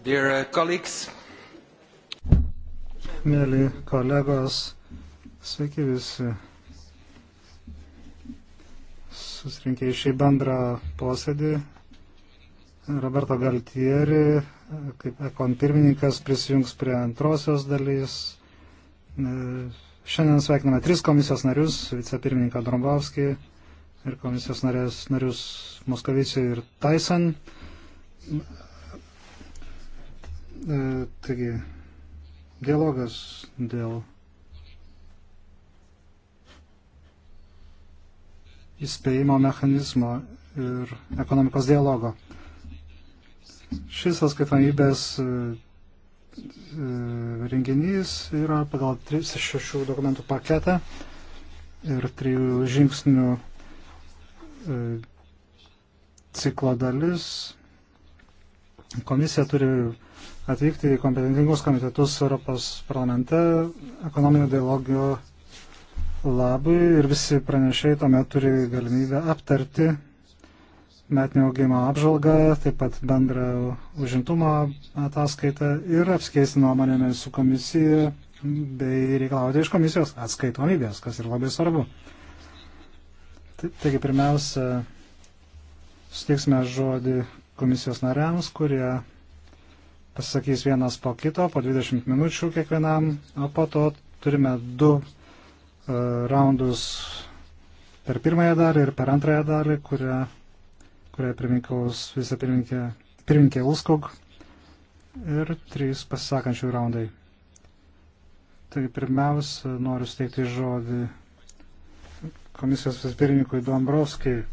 Dear uh, colleagues. Mėly kolegos, sveiki visi susirinkę į šį bendrą posėdį. Roberto Galtieri, kaip ekon pirmininkas, prisijungs prie antrosios dalys. E, šiandien sveikiname tris komisijos narius - vicepirmininką Drombavskį ir komisijos narės, narius Moskovicijų ir Tyson. E, taigi, dialogas dėl įspėjimo mechanizmo ir ekonomikos dialogo. Šis atskaitomybės e, e, renginys yra pagal 36 dokumentų paketą ir trijų žingsnių ciklo dalis. Komisija turi atvykti į kompetentingus komitetus Europos parlamente ekonominio dialogio labui ir visi pranešiai tuomet turi galimybę aptarti metinio augimo apžvalgą, taip pat bendrą užimtumo ataskaitą ir apskeisti nuomonėmis su komisija bei reikalauti iš komisijos atskaitomybės, kas ir labai svarbu. Taigi pirmiausia, suteiksime žodį komisijos nariams, kurie pasisakys vienas po kito, po 20 minučių kiekvienam, o po to turime du e, raundus per pirmąją dalį ir per antrąją dalį, kurią, kurią pirmininkaus visą pirmininkę, pirmininkė Ulskog ir trys pasisakančių raundai. Tai pirmiausia, noriu steigti žodį komisijos vispirmininkui Dombrovskijui.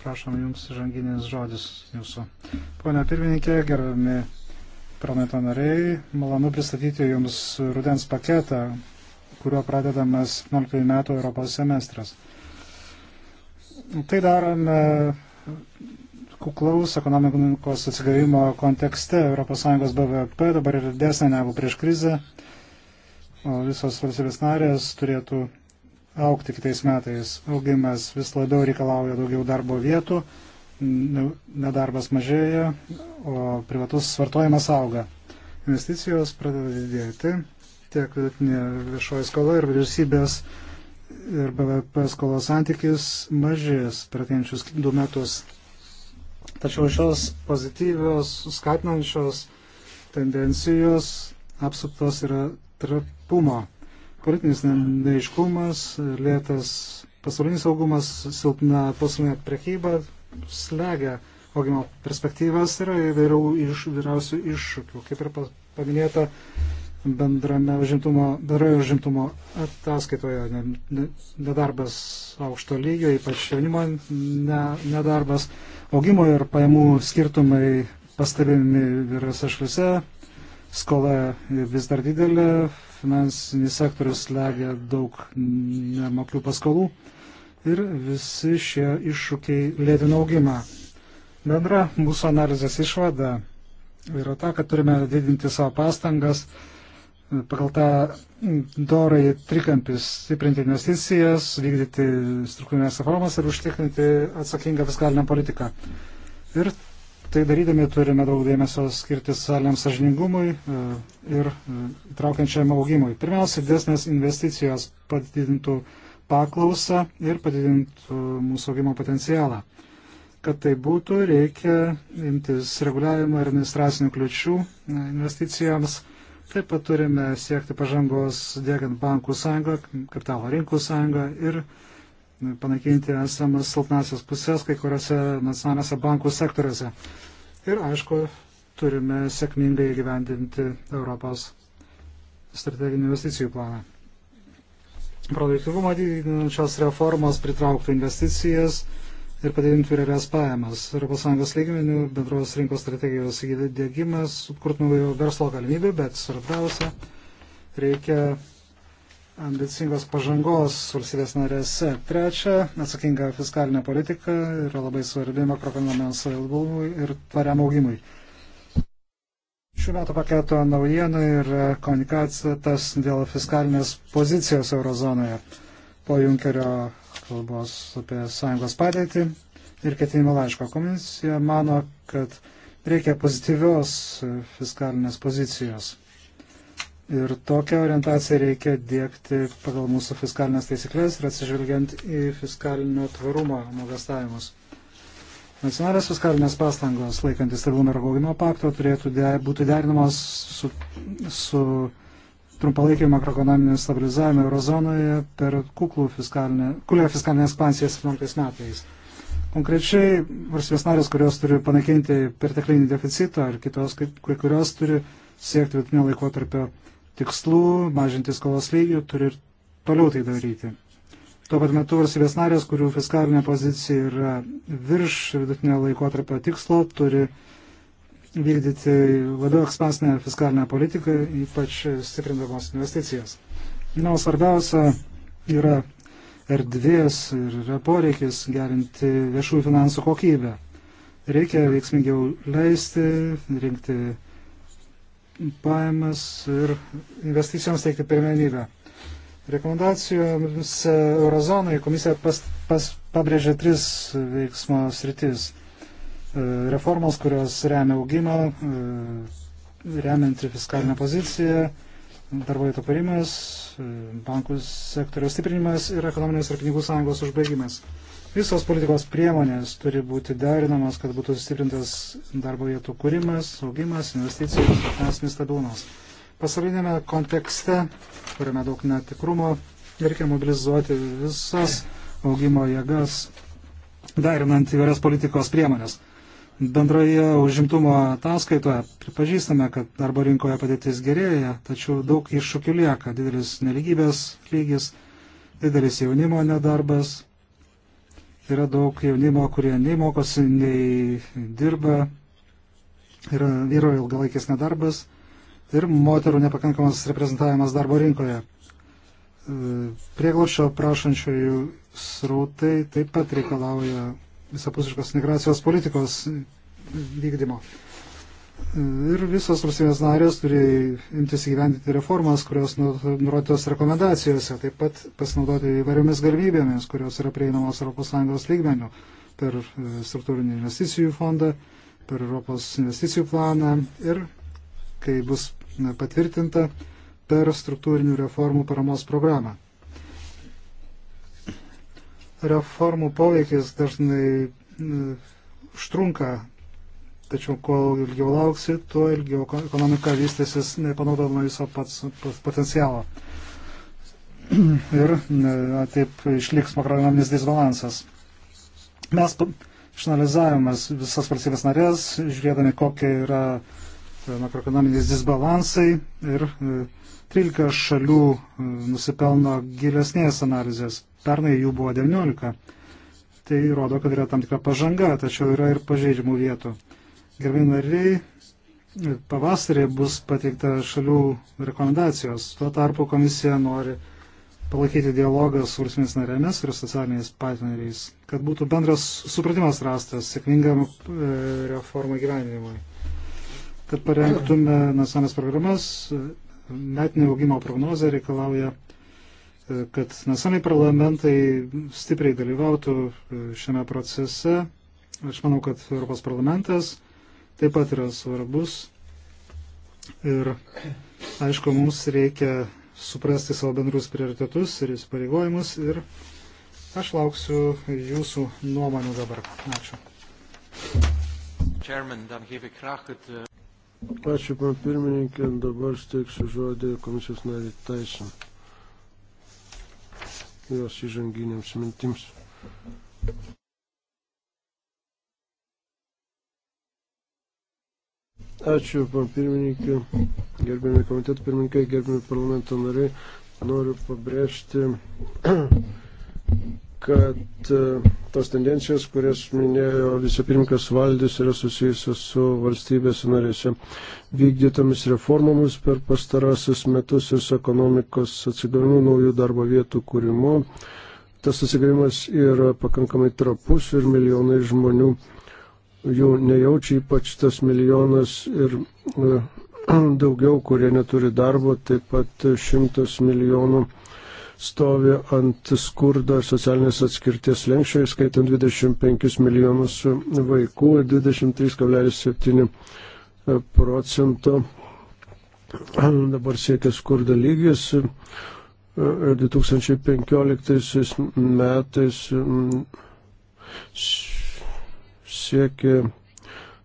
Prašom Jums žanginis žodis Jūsų. Pone pirmininkė, gerbami parlamento nariai, malonu pristatyti Jums rudens paketą, kuriuo pradedamas 17 metų Europos semestras. Tai darome kuklaus ekonomikos atsigavimo kontekste. ES BVP dabar yra didesnė negu prieš krizę, o visos valstybės narės turėtų aukti kitais metais. Augimas vis labiau reikalauja daugiau darbo vietų, nedarbas mažėja, o privatus vartojimas auga. Investicijos pradeda didėti, tiek vidutinė viešoji skola ir vyriausybės ir BVP skolos santykis mažės per atėjančius du metus. Tačiau šios pozityvios, skatinančios tendencijos apsuptos yra trapumo. Politinis neiškumas, lėtas pasaulinis saugumas, silpna pasaulinė prekyba slegia augimo perspektyvas yra įvairių iš vyriausių iššūkių, kaip ir paminėta bendrame užimtumo, bendroje užimtumo ataskaitoje. Nedarbas aukšto lygio, ypač jaunimo ne, nedarbas, augimo ir pajamų skirtumai pastebimi vyriose šalise, skola vis dar didelė, finansinis sektorius legia daug nemokių paskolų ir visi šie iššūkiai lėtina augimą. Bendra mūsų analizės išvada yra ta, kad turime didinti savo pastangas pagal tą dorai trikampis stiprinti investicijas, vykdyti struktūrinės reformas ir užtikrinti atsakingą fiskalinę politiką. Ir Tai darydami turime daug dėmesio skirti socialiniam sažiningumui e, ir e, įtraukiančiam augimui. Pirmiausia, didesnės investicijos padidintų paklausą ir padidintų mūsų augimo potencialą. Kad tai būtų, reikia imtis reguliavimo ir administracinių kliučių e, investicijoms. Taip pat turime siekti pažangos dėgiant bankų sąjungą, kapitalo rinkų sąjungą ir sąjungą panaikinti esamas silpnasias pusės kai kuriuose nacionalinėse bankų sektoriuose. Ir aišku, turime sėkmingai gyvendinti Europos strateginių investicijų planą. Produktivumą didinančios reformos pritrauktų investicijas ir padidintų realias pajamas. ES lygmenių bendros rinkos strategijos įdėgymas, kurtų naujo verslo galimybių, bet svarbiausia, reikia ambicingos pažangos valstybės narėse. Trečia, atsakinga fiskalinė politika yra labai svarbi makroekonominiam savilgumui ir tvariam augimui. Šių metų paketo naujiena yra komunikacijos dėl fiskalinės pozicijos eurozonoje po Junkerio kalbos apie sąjungos padėtį ir ketinimo laiško komisija mano, kad reikia pozityvios fiskalinės pozicijos. Ir tokią orientaciją reikia dėkti pagal mūsų fiskalinės taisyklės ir atsižvelgiant į fiskalinio tvarumo nuogastavimus. Nacionalinės fiskalinės pastangos laikantis stabilumo ir augimo pakto turėtų de, būti derinamos su, su trumpalaikiu makroekonominiu stabilizavimu eurozonoje per kuklų fiskalinę, kuklę fiskalinę ekspansiją 17 metais. Konkrečiai valstybės narės, kurios turi panaikinti perteklinį deficitą ir kitos, kai, kai kurios turi siekti vidutinio laikotarpio tikslų, mažinti skolos lygių, turi ir toliau tai daryti. Tuo pat metu valstybės narės, kurių fiskalinė pozicija yra virš vidutinio laikotarpio tikslo, turi vykdyti labiau ekspansinę fiskalinę politiką, ypač stiprindamos investicijas. Na, o svarbiausia yra erdvės ir yra poreikis gerinti viešųjų finansų kokybę. Reikia veiksmingiau leisti, rinkti pajamas ir investicijoms teikti pirmenybę. Rekomendacijoms e, eurozonai komisija pas, pas, pabrėžė tris veiksmo sritis. E, reformos, kurios remia augimą, e, remianti fiskalinę poziciją, darbo vietų kūrimas, bankų sektoriaus stiprinimas ir ekonominės ir pinigų sąjungos užbaigimas. Visos politikos priemonės turi būti derinamas, kad būtų sustiprintas darbo vietų kūrimas, augimas, investicijos ir finansinis stabilumas. Pasaulinėme kontekste, kuriame daug netikrumo, reikia mobilizuoti visas augimo jėgas, derinant įvairias politikos priemonės. Bendroje užimtumo ataskaitoje pripažįstame, kad darbo rinkoje padėtis gerėja, tačiau daug iššūkių lieka. Didelis neligybės lygis, didelis jaunimo nedarbas, Yra daug jaunimo, kurie nei mokosi, nei dirba, yra vyro ilgalaikis nedarbas ir moterų nepakankamas reprezentavimas darbo rinkoje. E, Prieglopšio prašančiųjų srautai taip pat reikalauja visapusiškos migracijos politikos vykdymo. Ir visos valstybės narės turi imtis įgyvendinti reformas, kurios nu, nurodytos rekomendacijose, taip pat pasinaudoti įvairiomis galimybėmis, kurios yra prieinamos ES lygmenių per e, struktūrinį investicijų fondą, per Europos investicijų planą ir, kai bus patvirtinta, per struktūrinių reformų paramos programą. Reformų poveikis dažnai e, užtrunka tačiau kol ilgiau lauksi, tuo ilgiau ekonomika vystysis nepanaudodama viso pats, pats potencialo. Ir na, taip išliks makroekonominis disbalansas. Mes išanalizavome visas valstybės narės, žiūrėdami, kokie yra e, makroekonominiais disbalansai ir 13 e, šalių e, nusipelno gilesnės analizės. Pernai jų buvo 19. Tai rodo, kad yra tam tikra pažanga, tačiau yra ir pažeidžiamų vietų. Gerbimi nariai, pavasarį bus pateikta šalių rekomendacijos. Tuo tarpu komisija nori palaikyti dialogą su valstybės narėmis ir socialiniais partneriais, kad būtų bendras supratimas rastas sėkmingam e, reformų gyvenimui. Kad parengtume nacionalinės programas, metinio augimo prognozė reikalauja, e, kad nacionaliniai parlamentai stipriai dalyvautų e, šiame procese. Aš manau, kad Europos parlamentas taip pat yra svarbus. Ir aišku, mums reikia suprasti savo bendrus prioritetus ir įsipareigojimus ir aš lauksiu jūsų nuomonių dabar. Ačiū. Chairman, dan geef ik graag het. Uh... Ačiū, pan pirmininkė, dabar steiksiu žodį komisijos narį Taisą. Jos įžanginiams mintims. Ačiū, pan pirmininkė, gerbėmi komitetų pirmininkai, gerbėmi parlamento nariai. Noriu pabrėžti, kad e, tos tendencijos, kurias minėjo vicepirmininkas Valdis, yra susijusios su valstybės narėse vykdytomis reformomis per pastarasius metus ir su ekonomikos atsigavimu naujų darbo vietų kūrimu. Tas atsigavimas yra pakankamai trapus ir milijonai žmonių jų nejaučia, ypač tas milijonas ir e, daugiau, kurie neturi darbo, taip pat šimtas milijonų stovi ant skurdo ir socialinės atskirties lenkščio, skaitant 25 milijonus vaikų ir 23,7 e, procento dabar siekia skurdo lygis. 2015 e, metais siekia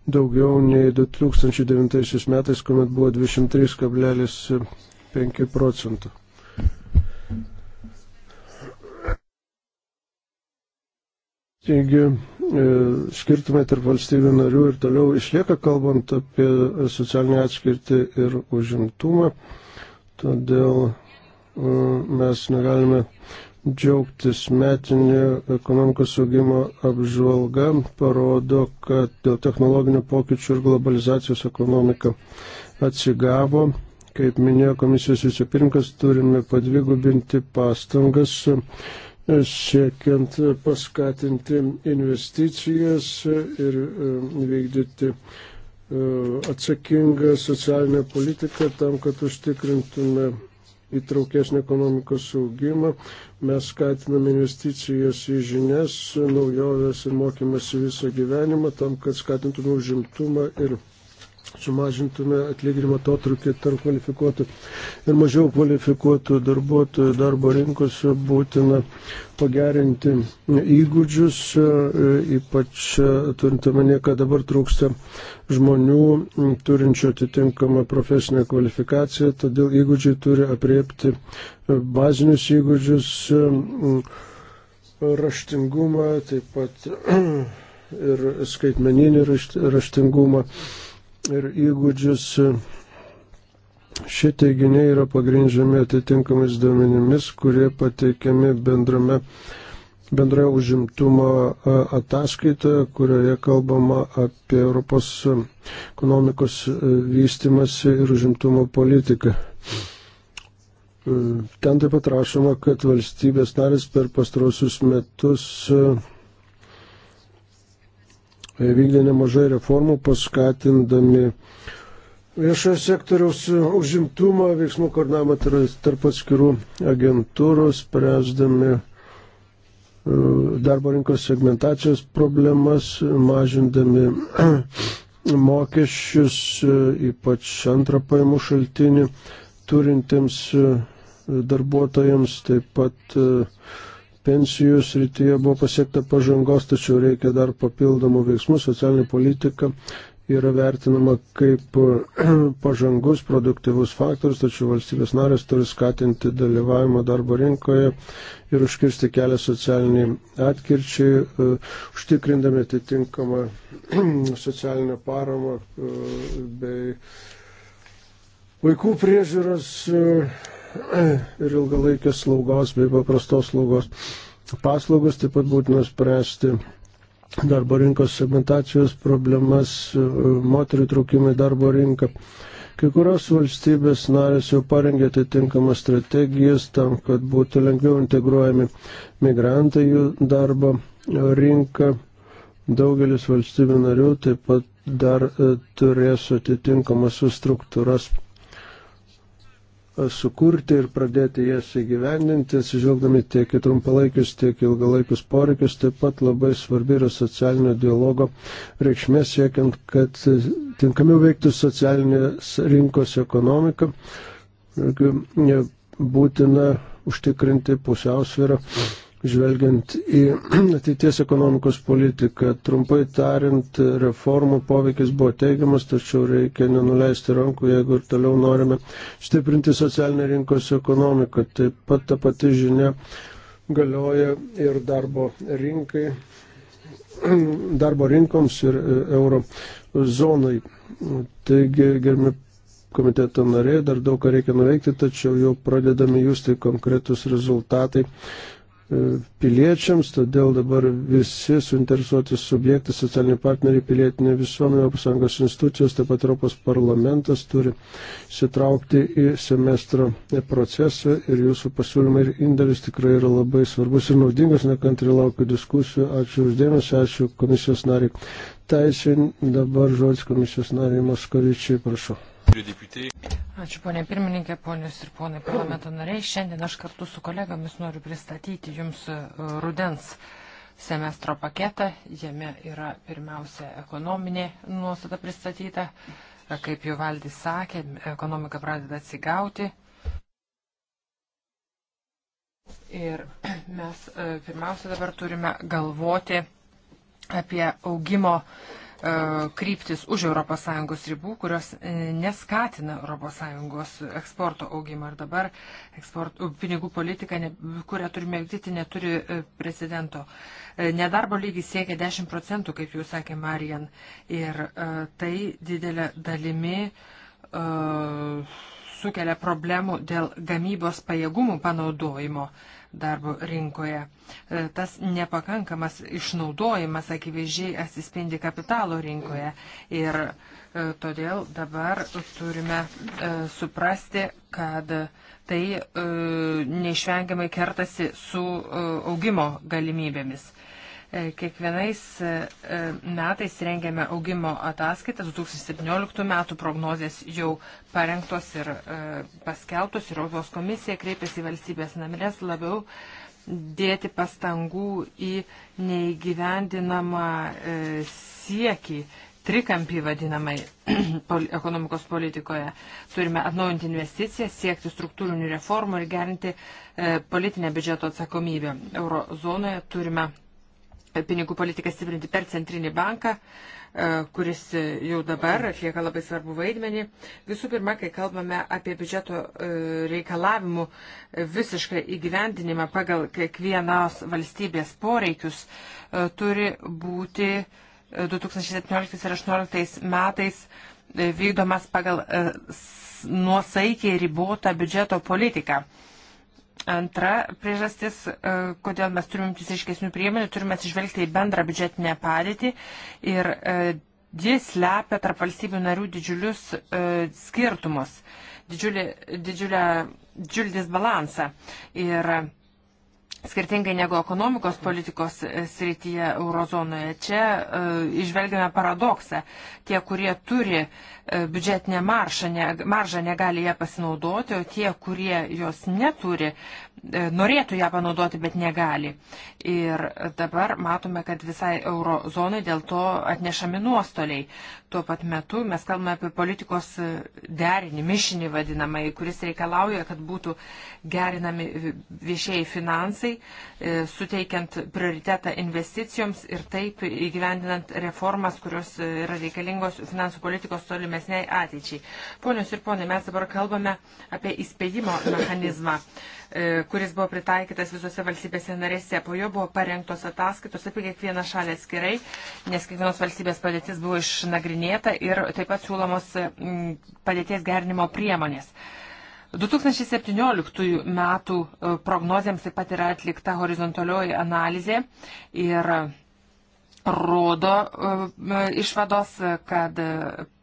daugiau nei 2009 metais, kuomet buvo 203,5 procentų. Taigi, e, skirtumai tarp valstybių narių ir toliau išlieka, kalbant apie socialinę atskirtį ir užimtumą. Todėl e, mes negalime džiaugtis metinė ekonomikos augimo apžvalga parodo, kad dėl technologinių pokyčių ir globalizacijos ekonomika atsigavo. Kaip minėjo komisijos vicepirmkas, turime padvigubinti pastangas siekiant paskatinti investicijas ir e, vykdyti e, atsakingą socialinę politiką tam, kad užtikrintume įtraukesnį ekonomikos saugimą. Mes skatiname investicijas į žinias, naujoves ir mokymasi visą gyvenimą tam, kad skatintume užimtumą ir sumažintume atlyginimo atotrukį tarp kvalifikuotų ir mažiau kvalifikuotų darbuotojų darbo rinkose būtina pagerinti įgūdžius, ypač turint omenyje, kad dabar trūksta žmonių turinčių atitinkamą profesinę kvalifikaciją, todėl įgūdžiai turi apriepti bazinius įgūdžius, raštingumą, taip pat ir skaitmeninį raštingumą. Rašt, ir įgūdžius. Šie teiginiai yra pagrindžiami atitinkamais duomenimis, kurie pateikiami bendrame, bendroje užimtumo ataskaitoje, kurioje kalbama apie Europos ekonomikos vystimasi ir užimtumo politiką. Ten taip pat rašoma, kad valstybės narės per pastrausius metus vykdė nemažai reformų paskatindami viešojo sektoriaus užimtumą, veiksmų koordinavimą tarp atskirų agentūrų, spręsdami e, darbo rinkos segmentacijos problemas, mažindami mokesčius, e, ypač antrą pajamų šaltinį turintiems e, darbuotojams, taip pat uh, pensijų srityje buvo pasiekta pažangos, tačiau reikia dar papildomų veiksmų. Socialinė politika yra vertinama kaip pažangus, produktyvus faktorius, tačiau valstybės narės turi skatinti dalyvavimą darbo rinkoje ir užkirsti kelią socialiniai atkirčiai, uh, užtikrindami atitinkamą socialinę paramą uh, bei vaikų priežiūros uh, ir ilgalaikės slaugos bei paprastos slaugos paslaugos, taip pat būtina spręsti darbo rinkos segmentacijos problemas, moterių traukimai darbo rinką. Kai kurios valstybės narės jau parengė atitinkamas strategijas tam, kad būtų lengviau integruojami migrantai jų darbo rinką. Daugelis valstybių narių taip pat dar e, turės atitinkamas struktūras sukurti ir pradėti jas įgyvendinti, atsižvelgdami tiek į trumpalaikius, tiek į ilgalaikius poreikius. Taip pat labai svarbi yra socialinio dialogo reikšmė siekiant, kad tinkamiau veiktų socialinės rinkos ekonomika. Būtina užtikrinti pusiausvyrą. Mm žvelgiant į ateities ekonomikos politiką. Trumpai tariant, reformų poveikis buvo teigiamas, tačiau reikia nenuleisti rankų, jeigu ir toliau norime stiprinti socialinę rinkos ekonomiką. Taip pat ta pati žinia galioja ir darbo rinkai, darbo rinkoms ir e, euro zonai. Taigi, gerbimi komiteto nariai, dar daug ką reikia nuveikti, tačiau jau pradedami jūs tai konkretus rezultatai E, piliečiams, todėl dabar visi suinteresuoti subjektai, socialiniai partneriai, pilietinė visuomenė, ES institucijos, taip pat Europos parlamentas turi sitraukti į semestro procesą ir jūsų pasiūlymai ir indėlis tikrai yra labai svarbus ir naudingas, nekantri laukiu diskusijų. Ačiū uždėmesi, ačiū komisijos nariai. Teisin, dabar žodis komisijos nariai Moskovičiai, prašau. Ačiū ponė pirmininkė, ponius ir ponai parlamento nariai. Šiandien aš kartu su kolegomis noriu pristatyti jums e, rudens semestro paketą. Jame yra pirmiausia ekonominė nuostata pristatyta. E, kaip jau valdys sakė, ekonomika pradeda atsigauti. Ir mes e, pirmiausia dabar turime galvoti apie augimo uh, E, kryptis už ES ribų, kurios e, neskatina ES eksporto augimą. Ir dabar eksport, pinigų politika, kurią turime vykdyti, neturi e, prezidento. Nedarbo lygis siekia 10 procentų, kaip jūs sakė Marijan. Ir tai didelė dalimi sukelia problemų dėl gamybos pajėgumų panaudojimo darbo rinkoje. E, tas nepakankamas išnaudojimas akivaizdžiai atsispindi kapitalo rinkoje ir e, todėl dabar turime e, suprasti, kad tai neišvengiamai kertasi su augimo galimybėmis. E, kiekvienais e, e, metais rengiame augimo ataskaitas, 2017 metų prognozijas jau parengtos ir paskeltos, ir Europos komisija kreipėsi į valstybės namres labiau dėti pastangų į neįgyvendinamą siekį, trikampį vadinamai ekonomikos politikoje. Turime atnaujinti investicijas, siekti struktūrinių reformų ir gerinti politinę biudžeto atsakomybę. Eurozonoje turime E, pinigų politiką stiprinti per centrinį banką, e, kuris e, jau dabar atlieka labai svarbu vaidmenį. Visų pirma, kai kalbame apie biudžeto reikalavimų visišką įgyvendinimą pagal kiekvienos valstybės poreikius, turi būti 2017 ir 2018 metais vykdomas pagal nuosaikiai ribotą biudžeto politiką. Antra priežastis, e, kodėl mes turime imtis aiškesnių priemonių, turime atsižvelgti į bendrą biudžetinę padėtį ir e, jis lepia tarp valstybių narių didžiulius e, skirtumus, didžiulį, didžiulę, didžiulį disbalansą. Ir Skirtingai negu ekonomikos politikos e, srityje eurozonoje, čia e, išvelgiame paradoksą. Tie, kurie turi e, biudžetinę maršą, ne, maržą, negali ją pasinaudoti, o tie, kurie jos neturi, E, norėtų ją panaudoti, bet negali. Ir dabar matome, kad visai eurozonai dėl to atnešami nuostoliai. Tuo pat metu mes kalbame apie politikos derinį, mišinį vadinamai, kuris reikalauja, kad būtų gerinami viešieji finansai, e, suteikiant prioritetą investicijoms ir taip įgyvendinant reformas, kurios yra reikalingos finansų politikos tolimesniai ateičiai. Ponios ir ponai, mes dabar kalbame apie įspėjimo mechanizmą. E, kuris buvo pritaikytas visose valstybėse narėse. Po jo buvo parengtos ataskaitos apie kiekvieną šalį atskirai, nes kiekvienos valstybės padėtis buvo išnagrinėta ir taip pat siūlomos padėties gerinimo priemonės. 2017 metų e, prognozėms taip pat yra atlikta horizontalioji analizė ir rodo e, išvados, kad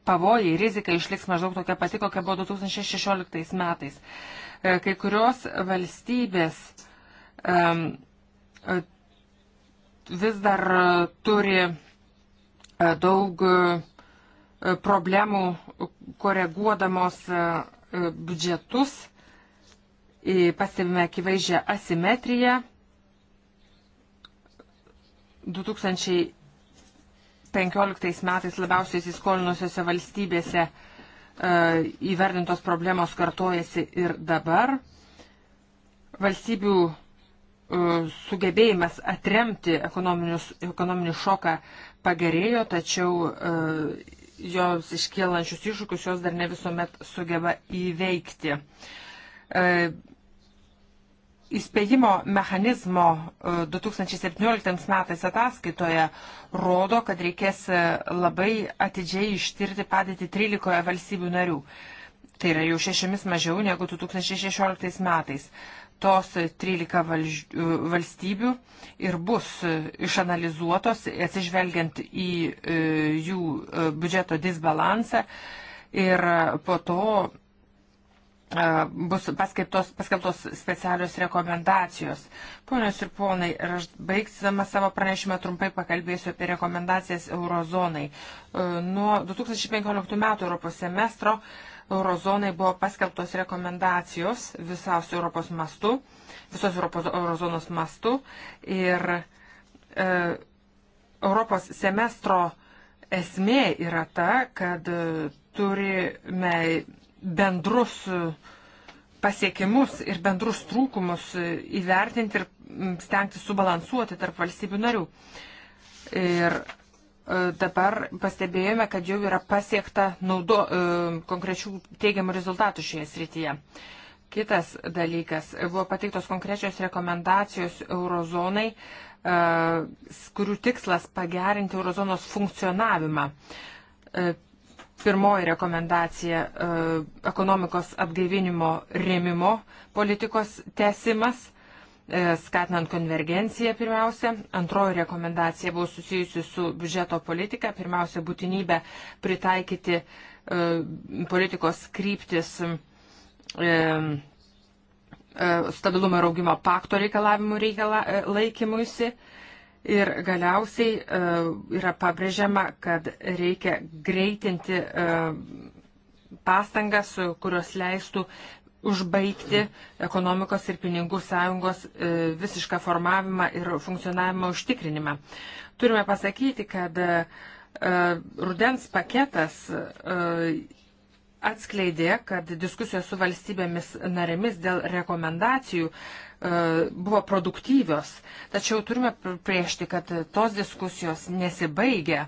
pavojai, rizika išliks maždaug tokia pati, kokia buvo 2016 metais. E, kai kurios valstybės e, vis dar turi e, daug problemų koreguodamos biudžetus, pastebime akivaizdžią asimetriją. 2015 metais labiausiai įsiskolinusiose valstybėse uh, E, įvardintos problemos kartojasi ir dabar. Valstybių e, sugebėjimas atremti ekonominį šoką pagerėjo, tačiau e, jos iškėlančius iššūkius jos dar ne visuomet sugeba įveikti. Įspėjimo mechanizmo 2017 e, metais ataskaitoje rodo, kad reikės e, labai atidžiai ištirti padėtį 13 valstybių narių. Tai yra jau šešiamis mažiau negu 2016 metais. Tos 13 valž... E, valstybių ir bus išanalizuotos atsižvelgiant į jų biudžeto disbalansą ir po to E, bus paskaitos, paskelbtos specialios rekomendacijos. Ponios ir ponai, ir aš baigsama savo pranešimą trumpai pakalbėsiu apie rekomendacijas eurozonai. E, nuo 2015 metų Europos semestro eurozonai buvo paskelbtos rekomendacijos visos Europos mastu, visos Europos eurozonos mastu ir e, Europos semestro esmė yra ta, kad turime bendrus pasiekimus ir bendrus trūkumus įvertinti ir mm, stengti subalansuoti tarp valstybių narių. Ir e, dabar pastebėjome, kad jau yra pasiekta naudo, e, konkrečių teigiamų rezultatų šioje srityje. Kitas dalykas - buvo pateiktos konkrečios rekomendacijos eurozonai, e, kurių tikslas pagerinti eurozonos funkcionavimą Pirmoji rekomendacija e, - ekonomikos atgaivinimo rėmimo politikos tesimas e, skatinant konvergenciją pirmiausia. Antroji rekomendacija buvo susijusi su biudžeto politika. Pirmiausia, būtinybė pritaikyti e, politikos kryptis e, e, stabilumo ir augimo pakto reikalavimų reikala, e, laikymuisi. E, Ir galiausiai e, yra pabrėžiama, kad reikia greitinti e, pastangas, kurios leistų užbaigti ekonomikos ir pinigų sąjungos e, visišką formavimą ir funkcionavimo užtikrinimą. Turime pasakyti, kad rudens paketas atskleidė, kad diskusijos su valstybėmis narėmis dėl rekomendacijų E, buvo produktyvios, tačiau turime priešti, kad tos diskusijos nesibaigia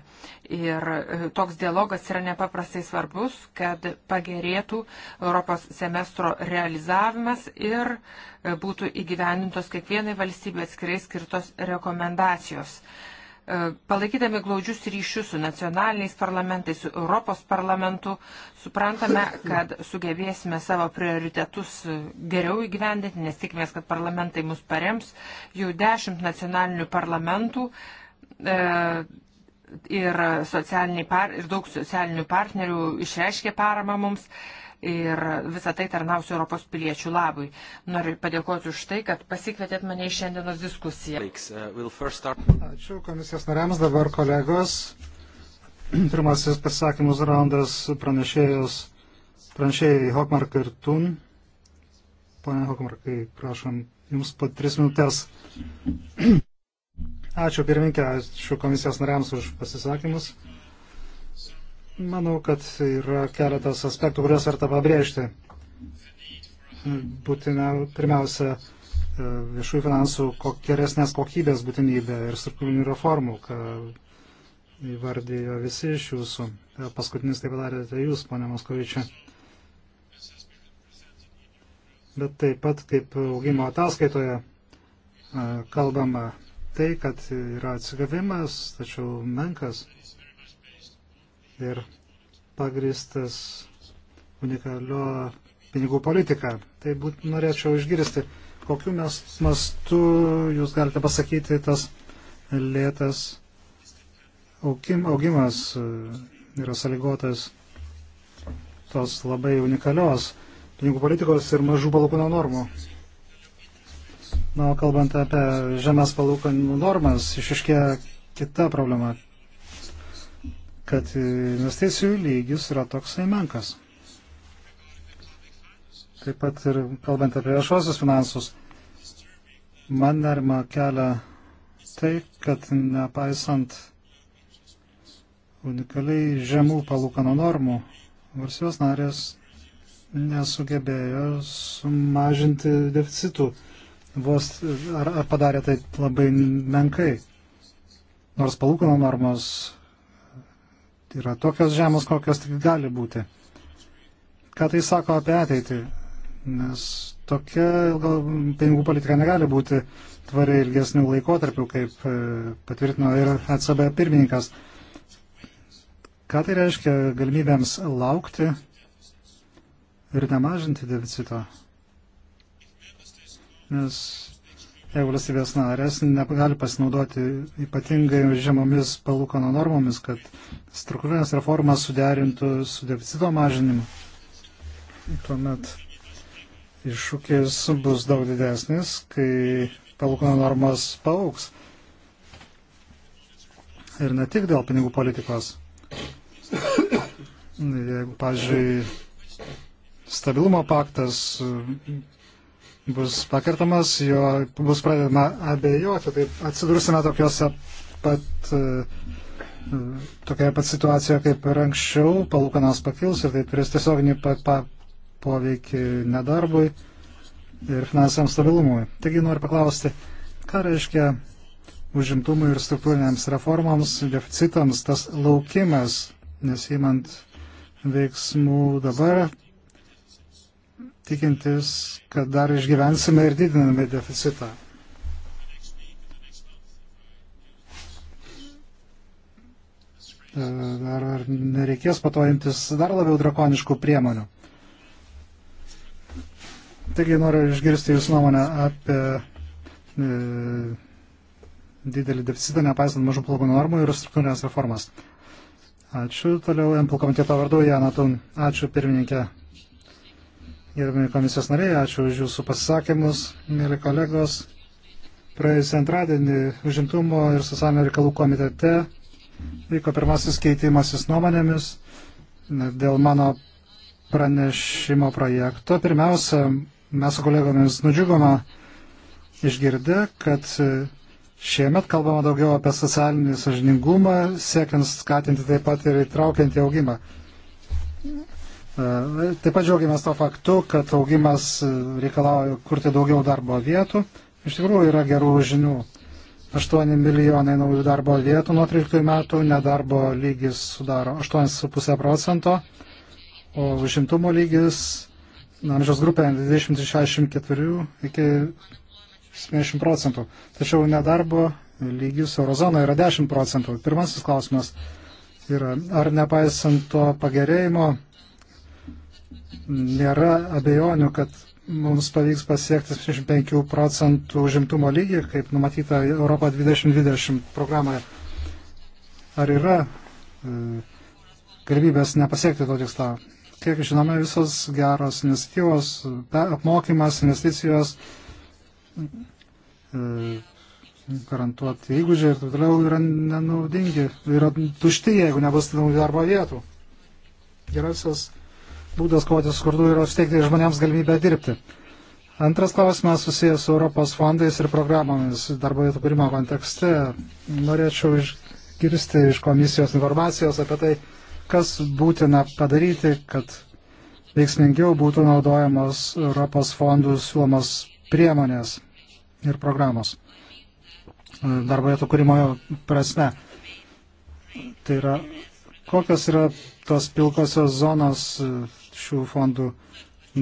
ir e, toks dialogas yra nepaprastai svarbus, kad pagerėtų Europos semestro realizavimas ir e, būtų įgyvenintos kiekvienai valstybė atskirai skirtos rekomendacijos. Uh, E, palaikydami glaudžius ryšius su nacionaliniais parlamentais, su Europos parlamentu, suprantame, kad sugebėsime savo prioritetus geriau įgyvendinti, nes tikimės, kad parlamentai mus parems. Jau dešimt nacionalinių parlamentų e, ir, par, ir daug socialinių partnerių išreiškė paramą mums. E, ir visą tai tarnausiu Europos piliečių labui. Noriu padėkoti už tai, kad pasikvietėt mane į šiandienos diskusiją. Uh, ačiū komisijos nariams, dabar kolegos. Pirmasis pasakymus raundas pranešėjos, pranešėjai Hokmark ir Tun. Pane Hokmarkai, prašom, jums po tris minutės. Ačiū pirmininkė, ačiū komisijos nariams už pasisakymus. Manau, kad yra keletas aspektų, kuriuos verta pabrėžti. Būtina, pirmiausia, e, viešųjų finansų geresnės kokybės būtinybė ir struktūrinių reformų, ką įvardėjo visi iš jūsų. E, paskutinis tai padarėte jūs, ponė Moskovičia. Bet taip pat, kaip augimo ataskaitoje e, kalbama, tai, kad yra atsigavimas, tačiau menkas ir pagristas unikalio pinigų politika. Tai būt, norėčiau išgirsti, kokiu mes mastu jūs galite pasakyti tas lėtas augim, augimas e, yra saligotas tos labai unikalios pinigų politikos ir mažų palūkanų normų. Na, o kalbant apie žemės palūkanų normas, išiškė kita problema kad investicijų lygis yra toksai menkas. Taip pat ir kalbant apie viešuosius finansus, man nerima kelia tai, kad nepaisant unikaliai žemų palūkanų normų, valstybės narės nesugebėjo sumažinti deficitų, vos ar, ar padarė tai labai menkai. Nors palūkanų normos Tai yra tokios žemos, kokios tik gali būti. Ką tai sako apie ateitį? Nes tokia ilga pinigų politika negali būti tvariai ilgesnių laikotarpių, kaip e, patvirtino ir ECB pirmininkas. Ką tai reiškia galimybėms laukti ir nemažinti deficito? Nes jeigu valstybės narės negali pasinaudoti ypatingai žemomis palūkanų normomis, kad struktūrinės reformas suderintų su deficito mažinimu, tuomet iššūkis bus daug didesnis, kai palūkanų normas paauks. Ir ne tik dėl pinigų politikos. Jeigu, pažiūrėjau, stabilumo paktas bus pakartamas, jo bus pradedama abejoti, tai atsidursime tokiuose pat, e, e, tokia pat situacija kaip ir anksčiau, palūkanos pakils ir tai turės tiesioginį pa, pa, poveikį nedarbui ir finansiniam stabilumui. Taigi noriu paklausti, ką reiškia užimtumui ir struktūrinėms reformams, deficitams tas laukimas, nesimant veiksmų dabar, tikintis, kad dar išgyvensime ir didiname deficitą. Ar, ar nereikės patojantis dar labiau drakoniškų priemonių. Taigi noriu išgirsti Jūsų nuomonę apie e, didelį deficitą, nepaisant mažų plaukų normų ir struktūrinės reformas. Ačiū. Toliau MPL komiteto vardu Jana Tun. Ačiū pirmininkė. Gerbimi komisijos nariai, ačiū už jūsų pasisakymus, mėly kolegos. Praėjusį antradienį užimtumo ir socialinio reikalų komitete vyko pirmasis keitimasis nuomonėmis dėl mano pranešimo projekto. Pirmiausia, mes su kolegomis nudžiugome išgirdę, kad šiemet kalbama daugiau apie socialinį sažiningumą, siekiant skatinti taip pat ir įtraukiantį augimą. Taip pat džiaugiamės to faktu, kad augimas reikalauja kurti daugiau darbo vietų. Iš tikrųjų yra gerų žinių. 8 milijonai naujų darbo vietų nuo 13 metų, nedarbo lygis sudaro 8,5 procento, o užimtumo lygis amžiaus grupė 20-64 iki 70 procentų. Tačiau nedarbo lygis eurozonoje yra 10 procentų. Pirmasis klausimas yra, ar nepaisant to pagerėjimo nėra abejonių, kad mums pavyks pasiekti 65 procentų užimtumo lygį, kaip numatyta Europo 2020 programoje. Ar yra e, galimybės nepasiekti to tikslo? Kiek žinome, visos geros iniciatyvos, apmokymas, investicijos, e, garantuoti įgūdžiai ir taip toliau yra nenaudingi, yra tušti, jeigu nebus naujų darbo vietų. Yra visos būdas kovoti su skurdu yra suteikti žmonėms galimybę dirbti. Antras klausimas susijęs su Europos fondais ir programomis darbo vietų kūrimo kontekste. Norėčiau išgirsti iš komisijos informacijos apie tai, kas būtina padaryti, kad veiksmingiau būtų naudojamos Europos fondų siūlomos priemonės ir programos darbo vietų kūrimo prasme. Tai yra, kokios yra tos pilkosios zonos šių fondų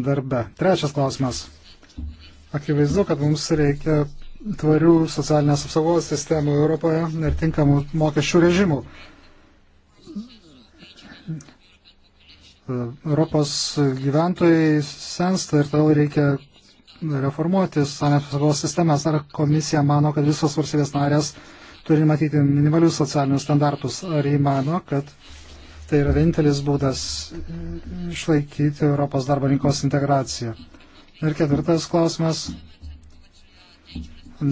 darbe. Trečias klausimas. Akivaizdu, kad mums reikia tvarių socialinės apsaugos sistemų Europoje ir tinkamų mokesčių režimų. Europos gyventojai sensta ir todėl reikia reformuoti socialinės apsaugos sistemas. Ar komisija mano, kad visos valstybės narės turi matyti minimalius socialinius standartus? Ar įmano, kad Tai yra vienintelis būdas išlaikyti Europos darbo rinkos integraciją. Ir ketvirtas klausimas.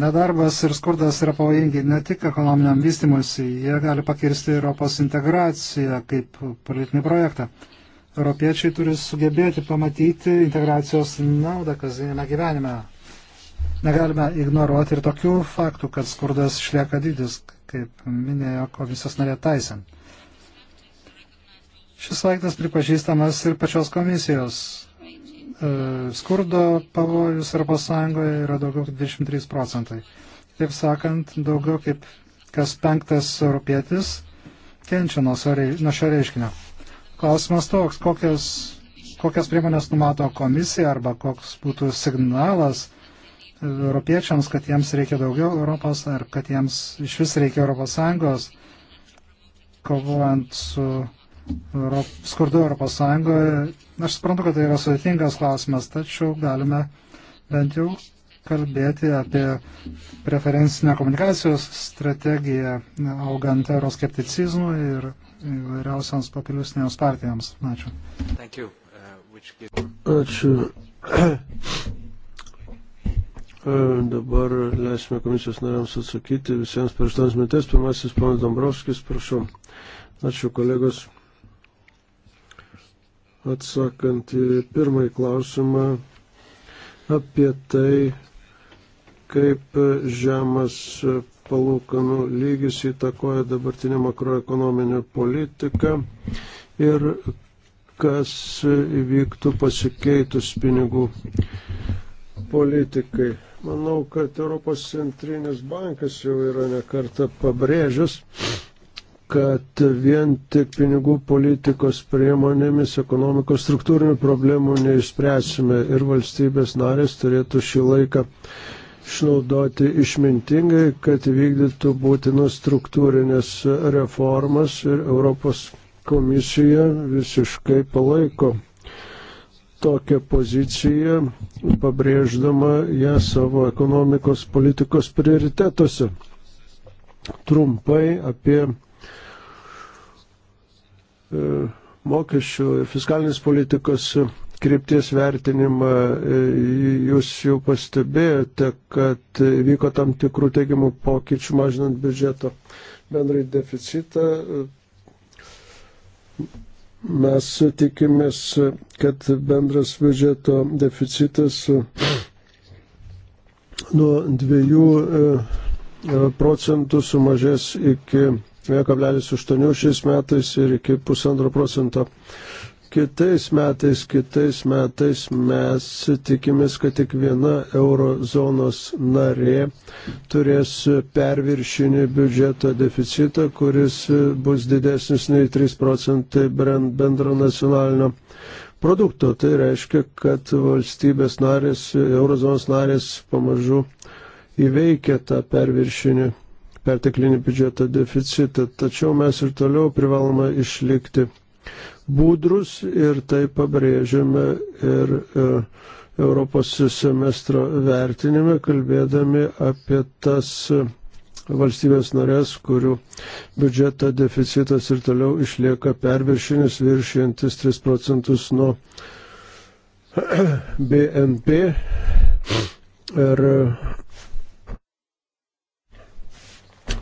Nedarbas ir skurdas yra pavojingi ne tik ekonominiam vystimuisi, jie gali pakirsti Europos integraciją kaip politinį projektą. Europiečiai turi sugebėti pamatyti integracijos naudą kasdienėme gyvenime. Negalime ignoruoti ir tokių faktų, kad skurdas išlieka didis, kaip minėjo komisijos narė Taisen. Šis faktas pripažįstamas ir pačios komisijos. E, skurdo pavojus Europos Sąjungoje yra daugiau kaip 23 procentai. Taip sakant, daugiau kaip kas penktas europietis kenčia nuo šio reiškinio. Klausimas toks, kokias, kokias priemonės numato komisija arba koks būtų signalas europiečiams, kad jiems reikia daugiau Europos ar kad jiems iš vis reikia Europos Sąjungos, kovojant su skurdu Europos Sąjungoje. Aš suprantu, kad tai yra sudėtingas klausimas, tačiau galime bent jau kalbėti apie preferencinę komunikacijos strategiją augant euroskepticizmui ir įvairiausiams populistinėms partijams. Ačiū. Uh, Ačiū. Dabar leisime komisijos nariams atsakyti visiems per 8 minutės. Pirmasis ponas Dombrovskis, prašau. Ačiū kolegos atsakant į pirmąjį klausimą apie tai, kaip žemas palūkanų lygis įtakoja dabartinę makroekonominę politiką ir kas įvyktų pasikeitus pinigų politikai. Manau, kad Europos centrinis bankas jau yra nekarta pabrėžęs, kad vien tik pinigų politikos priemonėmis ekonomikos struktūrinių problemų neišspręsime ir valstybės narės turėtų šį laiką išnaudoti išmintingai, kad vykdytų būtinas struktūrinės reformas ir Europos komisija visiškai palaiko tokią poziciją, pabrėždama ją savo ekonomikos politikos prioritetuose. Trumpai apie E, mokesčių ir fiskalinės politikos krypties vertinimą, e, jūs jau pastebėjote, kad vyko tam tikrų teigiamų pokyčių mažinant biudžeto bendrai deficitą. Mes tikimės, kad bendras biudžeto deficitas nuo 2 e, procentų sumažės iki 1,8 šiais metais ir iki 1,5 procento. Kitais metais, kitais metais mes tikimės, kad tik viena eurozonos narė turės perviršinį biudžeto deficitą, kuris bus didesnis nei 3 procentai bendro nacionalinio produkto. Tai reiškia, kad valstybės narės, eurozonos narės pamažu įveikia tą perviršinį perteklinį biudžeto deficitą. Tačiau mes ir toliau privalome išlikti būdrus ir tai pabrėžiame ir, ir Europos semestro vertinime, kalbėdami apie tas valstybės norės, kurių biudžeto deficitas ir toliau išlieka perviršinis viršijantis 3 procentus nuo BNP. Ir er,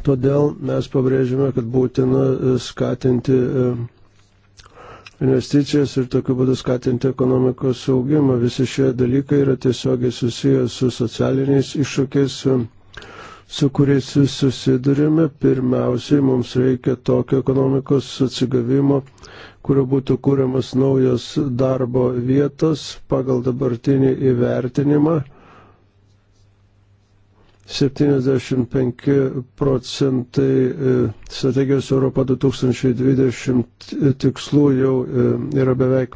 Todėl mes pabrėžime, kad būtina e, skatinti e, investicijas ir tokiu būdu skatinti ekonomikos augimą. Visi šie dalykai yra tiesiogiai susijęs su socialiniais iššūkiais, su, su kuriais susidurime. Pirmiausiai mums reikia tokio ekonomikos atsigavimo, kurio būtų kūriamas naujos darbo vietos pagal dabartinį įvertinimą 75 procentai e, strategijos Europa 2020 e, tikslų jau e, yra beveik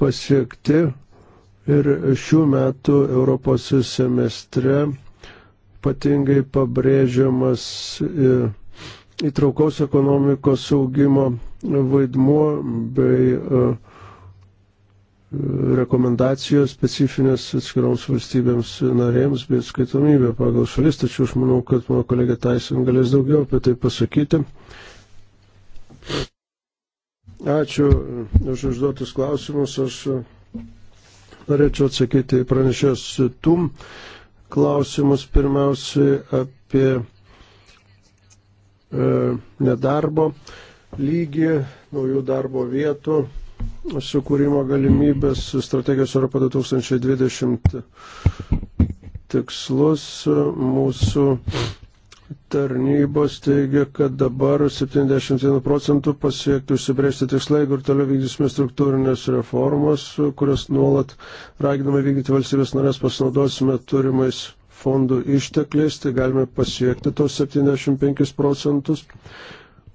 pasiekti ir šių metų Europos semestre ypatingai pabrėžiamas įtraukaus ekonomikos saugimo vaidmuo bei uh, rekomendacijos specifinės atskiroms valstybėms narėms bei atskaitomybė pagal šalis, tačiau aš manau, kad mano kolegė Taisin galės daugiau apie tai pasakyti. Ačiū už užduotus klausimus. Aš norėčiau atsakyti pranešęs TUM klausimus pirmiausiai apie e, nedarbo lygį, naujų darbo vietų sukūrimo galimybės, strategijos Europa 2020 tikslus. Mūsų tarnybos teigia, kad dabar 71 procentų pasiektų užsibrėžti tikslai, jeigu ir toliau vykdysime struktūrinės reformas, kurias nuolat raginame vykdyti valstybės narės, pasinaudosime turimais fondų ištekliais, tai galime pasiekti tos 75 procentus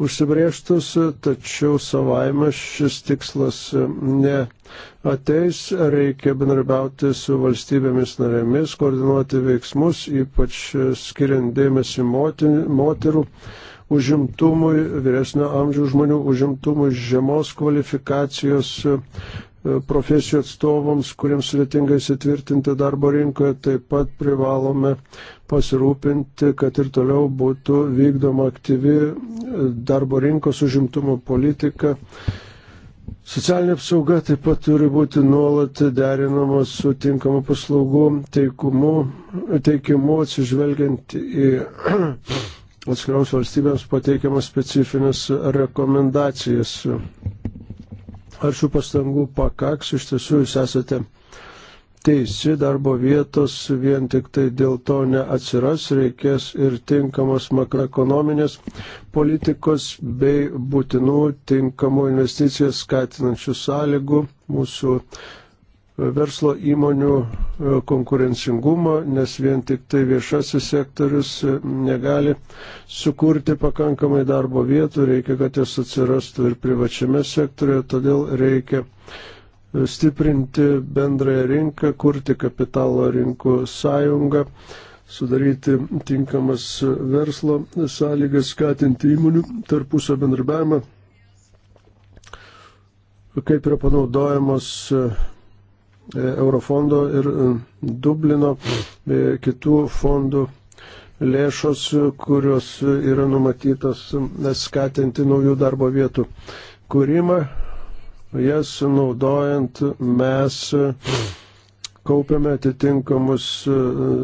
užsibrėžtus, tačiau savaime šis tikslas neateis, reikia bendrabiauti su valstybėmis narėmis, koordinuoti veiksmus, ypač skiriant dėmesį moterų užimtumui, vyresnio amžiaus žmonių užimtumui, žemos kvalifikacijos profesijų atstovams, kuriems sudėtinga įsitvirtinti darbo rinkoje, taip pat privalome pasirūpinti, kad ir toliau būtų vykdoma aktyvi e, darbo rinkos užimtumo politika. Socialinė apsauga taip pat turi būti nuolat derinama su tinkamu paslaugų teikumu, teikimu atsižvelgiant į atskiriaus valstybėms pateikiamas specifines rekomendacijas. Ar šių pastangų pakaks, iš tiesų jūs esate teisi, darbo vietos vien tik tai dėl to neatsiras, reikės ir tinkamos makroekonominės politikos bei būtinų tinkamų investicijas skatinančių sąlygų mūsų verslo įmonių e, konkurencingumą, nes vien tik tai viešasis sektorius e, negali sukurti pakankamai darbo vietų, reikia, kad jos atsirastų ir privačiame sektoriuje, todėl reikia e, stiprinti bendrąją rinką, kurti kapitalo rinkų sąjungą, sudaryti tinkamas verslo sąlygas, skatinti įmonių tarpusio bendrabiavimą kaip yra panaudojamos E, eurofondo ir e, Dublino bei kitų fondų lėšos, kurios yra numatytos skatinti naujų darbo vietų kūrimą. Jas naudojant mes kaupiame atitinkamus, e,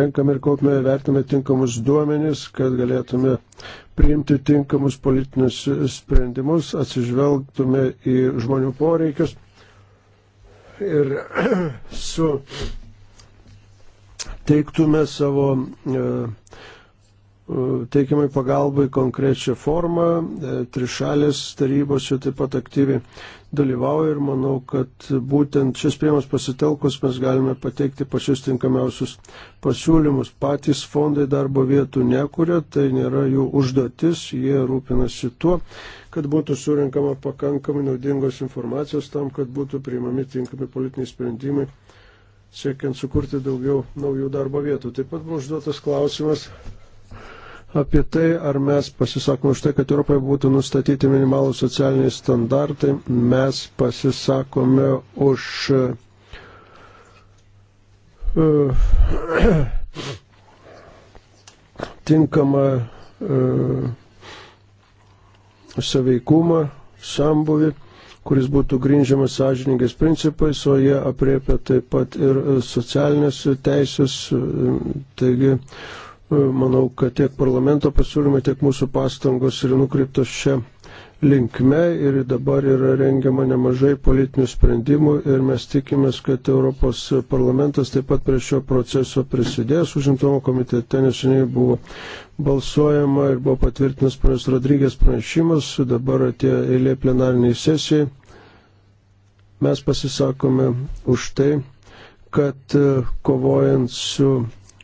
renkame ir kaupiame, vertame tinkamus duomenis, kad galėtume priimti tinkamus politinius sprendimus, atsižvelgtume į žmonių poreikius ir su teiktume savo e, e, teikiamai pagalbai konkrečią formą. E, trišalės tarybos jau taip pat aktyviai dalyvauja ir manau, kad būtent šias priemas pasitelkus mes galime pateikti pačius tinkamiausius pasiūlymus. Patys fondai darbo vietų nekuria, tai nėra jų užduotis, jie rūpinasi tuo, kad būtų surinkama pakankamai naudingos informacijos tam, kad būtų priimami tinkami politiniai sprendimai, siekiant sukurti daugiau naujų darbo vietų. Taip pat buvo užduotas klausimas apie tai, ar mes pasisakome už tai, kad Europoje būtų nustatyti minimalų socialiniai standartai. Mes pasisakome už. Uh, tinkamą uh, saveikumą, sambuvi, kuris būtų grindžiamas sąžiningais principais, o jie apriepia taip pat ir e, socialinės teisės. E, taigi, e, manau, kad tiek parlamento pasiūlymai, tiek mūsų pastangos yra nukreiptos čia linkme ir dabar yra rengiama nemažai politinių sprendimų ir mes tikimės, kad Europos parlamentas taip pat prie šio proceso prisidės. Užimtumo komitete neseniai buvo balsuojama ir buvo patvirtinas pranas Rodrygės pranešimas, dabar atėjo eilė plenariniai sesijai. Mes pasisakome už tai, kad e, kovojant su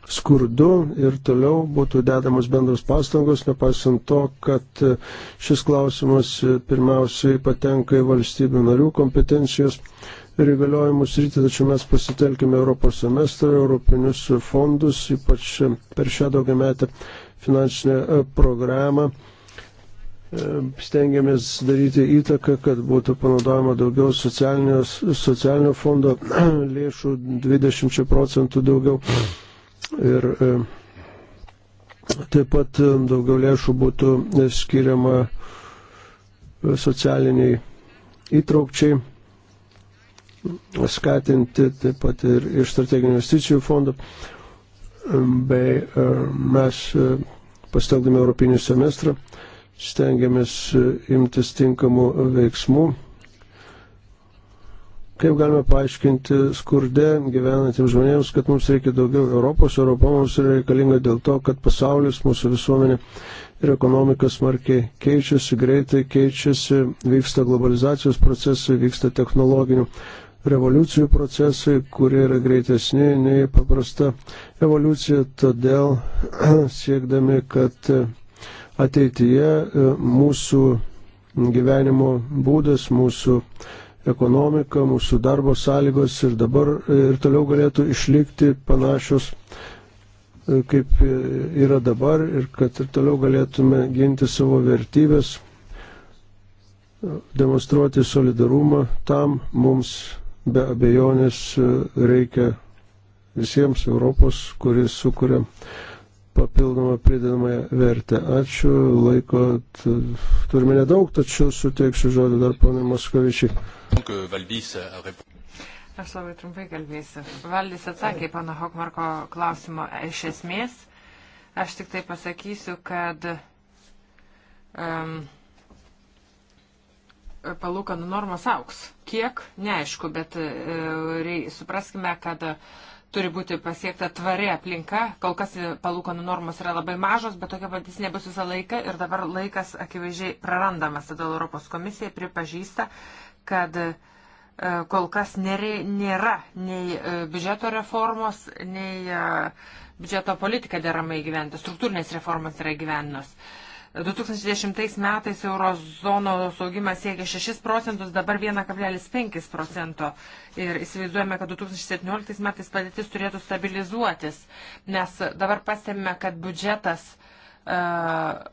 skurdu ir toliau būtų dedamos bendros pastangos, nepaisant to, kad šis klausimas pirmiausiai patenka į valstybių narių kompetencijos ir įgaliojimus rytį, tačiau mes pasitelkime Europos semestrą, Europinius fondus, ypač per šią daugiametę finansinę e, programą. E, stengiamės daryti įtaką, kad būtų panaudojama daugiau socialinio fondo lėšų, 20 procentų daugiau Ir e, taip pat e, daugiau lėšų būtų skiriama e, socialiniai įtraukčiai skatinti taip pat ir iš strateginių investicijų fondų, bei mes pasitelkdami Europinį semestrą stengiamės imtis tinkamų veiksmų Kaip galime paaiškinti skurde gyvenantiems žmonėms, kad mums reikia daugiau Europos, Europa mums yra reikalinga dėl to, kad pasaulis, mūsų visuomenė ir ekonomika smarkiai keičiasi, greitai keičiasi, vyksta globalizacijos procesai, vyksta technologinių revoliucijų procesai, kurie yra greitesni nei paprasta evoliucija, todėl siekdami, kad ateityje e, mūsų gyvenimo būdas, mūsų ekonomika, mūsų darbo sąlygos ir dabar e, ir toliau galėtų išlikti panašios e, kaip e, yra dabar ir kad ir toliau galėtume ginti savo vertybės, demonstruoti solidarumą, tam mums be abejonės reikia visiems Europos, kuris sukuria papildomą pridedamąją vertę. Ačiū, laiko turime nedaug, tačiau suteiksiu žodį dar ponui Moskovičiai. Aš labai trumpai kalbėsiu. Valdys atsakė pana Hokmarko klausimo iš esmės. Aš tik tai pasakysiu, kad um, palūkanų normos auks. Kiek, neaišku, bet uh, rei, supraskime, kad uh, turi būti pasiekta tvari aplinka. Kol kas palūkanų normos yra labai mažos, bet tokia patys nebus visą laiką ir dabar laikas akivaizdžiai prarandamas. Todėl Europos komisija pripažįsta, kad e, kol kas nėra nei e, biudžeto reformos, nei e, biudžeto politika deramai gyventi. Struktūrinės reformos yra gyvenimas. 2010 metais eurozonos augimas siekia 6 procentus, dabar 1,5 procento. Ir įsivaizduojame, kad 2017 metais padėtis turėtų stabilizuotis, nes dabar pastebime, kad biudžetas uh,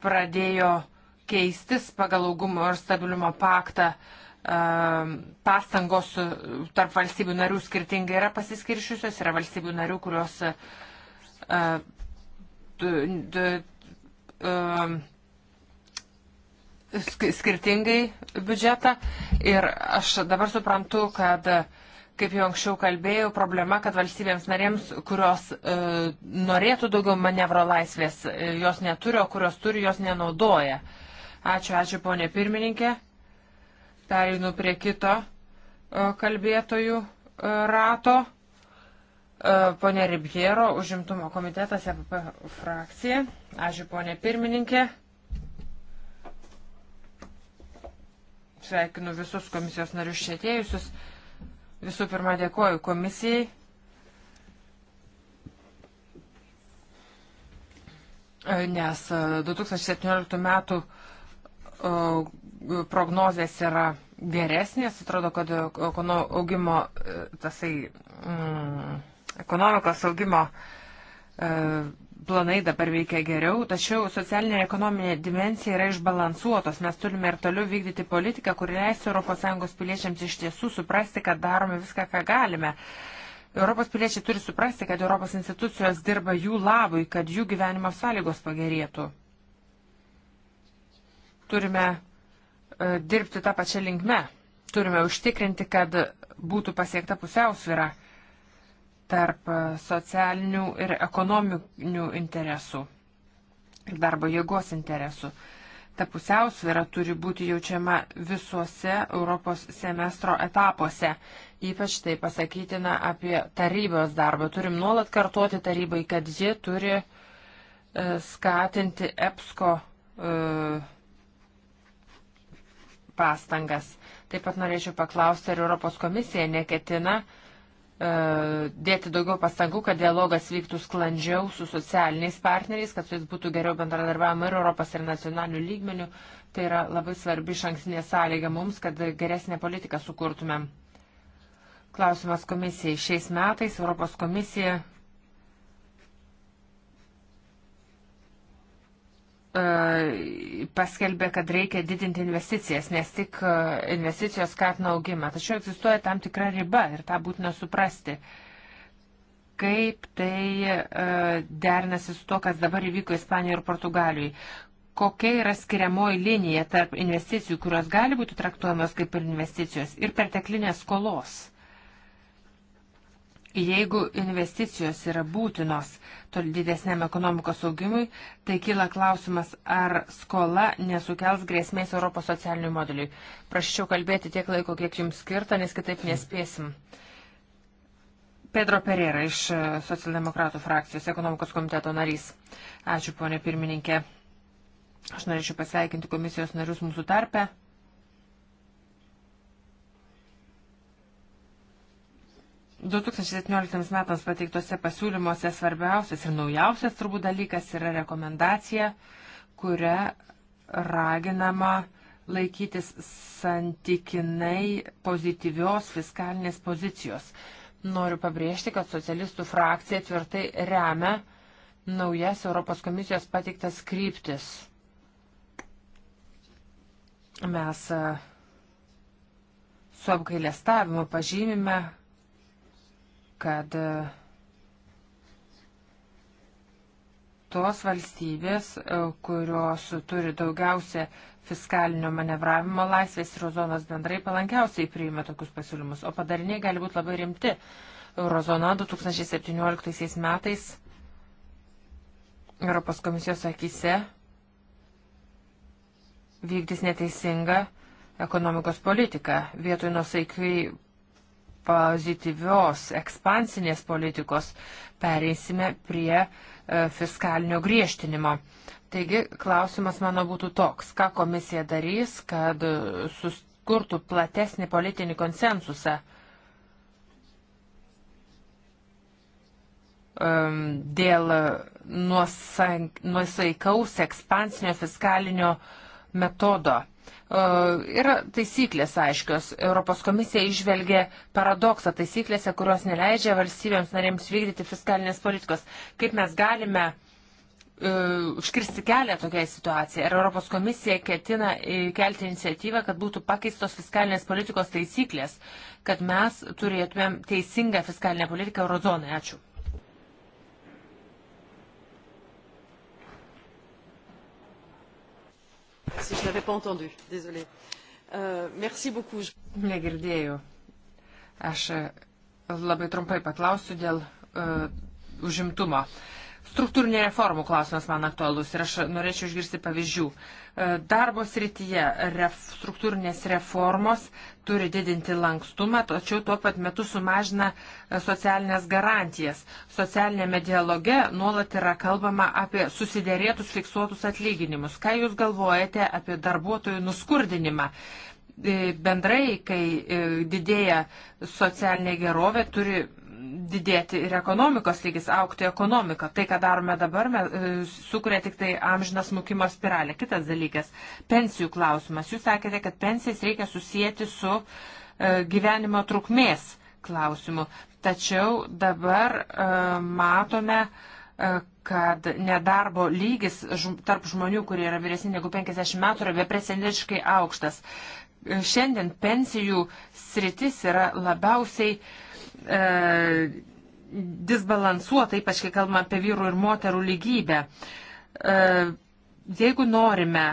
pradėjo keistis pagal augumo ir stabilumo paktą. Uh, pastangos tarp valstybių narių skirtingai yra pasiskiršiusios, yra valstybių narių, kurios uh, um, skirtingai biudžetą. Ir aš dabar suprantu, kad, kaip jau anksčiau kalbėjau, problema, kad valstybėms narėms, kurios uh, norėtų daugiau manevro laisvės, uh, jos neturi, o kurios turi, jos nenaudoja. Ačiū, ačiū, ponė pirmininkė. Pereinu prie kito uh, kalbėtojų uh, rato. E, Pone Ribjero, užimtumo komitetas, EPP frakcija. Ačiū, ponė pirmininkė. Sveikinu visus komisijos narius šėtėjusius. Visų pirma, dėkoju komisijai. E, nes 2017 e, metų prognozijas yra geresnės, atrodo, kad augimo tasai mm, Ekonomikos augimo e, planai dabar veikia geriau, tačiau socialinė ir ekonominė dimensija yra išbalansuotos. Mes turime ir toliau vykdyti politiką, kuri leis ES piliečiams iš tiesų suprasti, kad darome viską, ką galime. Europos piliečiai turi suprasti, kad Europos institucijos dirba jų labui, kad jų gyvenimo sąlygos pagerėtų. Turime e, dirbti tą pačią linkmę. Turime užtikrinti, kad būtų pasiekta pusiausvyra tarp socialinių ir ekonominių interesų ir darbo jėgos interesų. Ta pusiausvėra turi būti jaučiama visuose Europos semestro etapuose. Ypač tai pasakytina apie tarybos darbą. Turim nuolat kartuoti tarybai, kad ji turi e, skatinti EPSCO e, pastangas. Taip pat norėčiau paklausti, ar Europos komisija neketina uh, E, dėti daugiau pastangų, kad dialogas vyktų sklandžiau su socialiniais partneriais, kad su jais būtų geriau bendradarbiavama ir Europos ir nacionalinių lygmenių. Tai yra labai svarbi šankstinė sąlyga mums, kad geresnę politiką sukurtumėm. Klausimas komisijai. Šiais metais Europos komisija E, paskelbė, kad reikia didinti investicijas, nes tik e, investicijos skatina augimą. Tačiau egzistuoja tam tikra riba ir tą būtina suprasti. Kaip tai e, derinasi su to, kas dabar įvyko Ispanijoje ir Portugalijoje? Kokia yra skiriamoji linija tarp investicijų, kurios gali būti traktuojamos kaip ir investicijos, ir perteklinės skolos? Jeigu investicijos yra būtinos, uh, tol didesniam ekonomikos augimui, tai kyla klausimas, ar skola nesukels grėsmės Europos socialiniui modeliui. Prašyčiau kalbėti tiek laiko, kiek jums skirta, nes kitaip nespėsim. Pedro Pereira iš e, Socialdemokratų frakcijos ekonomikos komiteto narys. Ačiū, ponė pirmininkė. Aš norėčiau pasveikinti komisijos narius mūsų tarpe. 2017 metams pateiktose pasiūlymuose svarbiausias ir naujausias turbūt dalykas yra rekomendacija, kuria raginama laikytis santykinai pozityvios fiskalinės pozicijos. Noriu pabrėžti, kad socialistų frakcija tvirtai remia naujas Europos komisijos pateiktas kryptis. Mes e, su apgailėstavimu pažymime, kad e, tos valstybės, e, kurios turi daugiausia fiskalinio manevravimo laisvės ir eurozonos bendrai palankiausiai priima tokius pasiūlymus, o padariniai gali būti labai rimti. Eurozona 2017 metais Europos komisijos akise vykdys neteisingą ekonomikos politiką. Vietoj nusaikiai pozityvios ekspansinės politikos pereisime prie e, fiskalinio griežtinimo. Taigi klausimas mano būtų toks, ką komisija darys, kad e, suskurtų platesnį politinį konsensusą dėl nuosaikaus ekspansinio fiskalinio metodo E, yra taisyklės aiškios. Europos komisija išvelgia paradoksą taisyklėse, kurios neleidžia valstybėms narėms vykdyti fiskalinės politikos. Kaip mes galime e, užkirsti kelią tokiai situacijai. Ar Europos komisija ketina e, kelti iniciatyvą, kad būtų pakeistos fiskalinės politikos taisyklės, kad mes turėtumėm teisingą fiskalinę politiką eurozonai? Ačiū. Si je n'avais pas entendu, désolé. Uh, merci beaucoup. Negirdėjau. Aš e, labai trumpai paklausiu dėl uh, užimtumo. Struktūrinė reformų klausimas man aktualus ir aš norėčiau išgirsti pavyzdžių. Uh, E, darbo srityje ref, struktūrinės reformos turi didinti lankstumą, tačiau tuo pat metu sumažina e, socialinės garantijas. Socialinėme dialoge nuolat yra kalbama apie susidėrėtus fiksuotus atlyginimus. Ką Jūs galvojate apie darbuotojų nuskurdinimą? E, bendrai, kai didėja socialinė gerovė, turi didėti ir ekonomikos lygis, aukti ekonomika. Tai, ką darome dabar, mes, e, sukuria tik tai amžinas smukimo spiralė. Kitas dalykas - pensijų klausimas. Jūs sakėte, kad pensijas reikia susijęti su e, gyvenimo trukmės klausimu. Tačiau dabar e, matome, e, kad nedarbo lygis tarp žmonių, kurie yra vyresni negu 50 metų, yra beprecedentiškai aukštas. E, šiandien pensijų sritis yra labiausiai uh, e, disbalansuota, ypač kai kalbame apie vyrų ir moterų lygybę. E, jeigu norime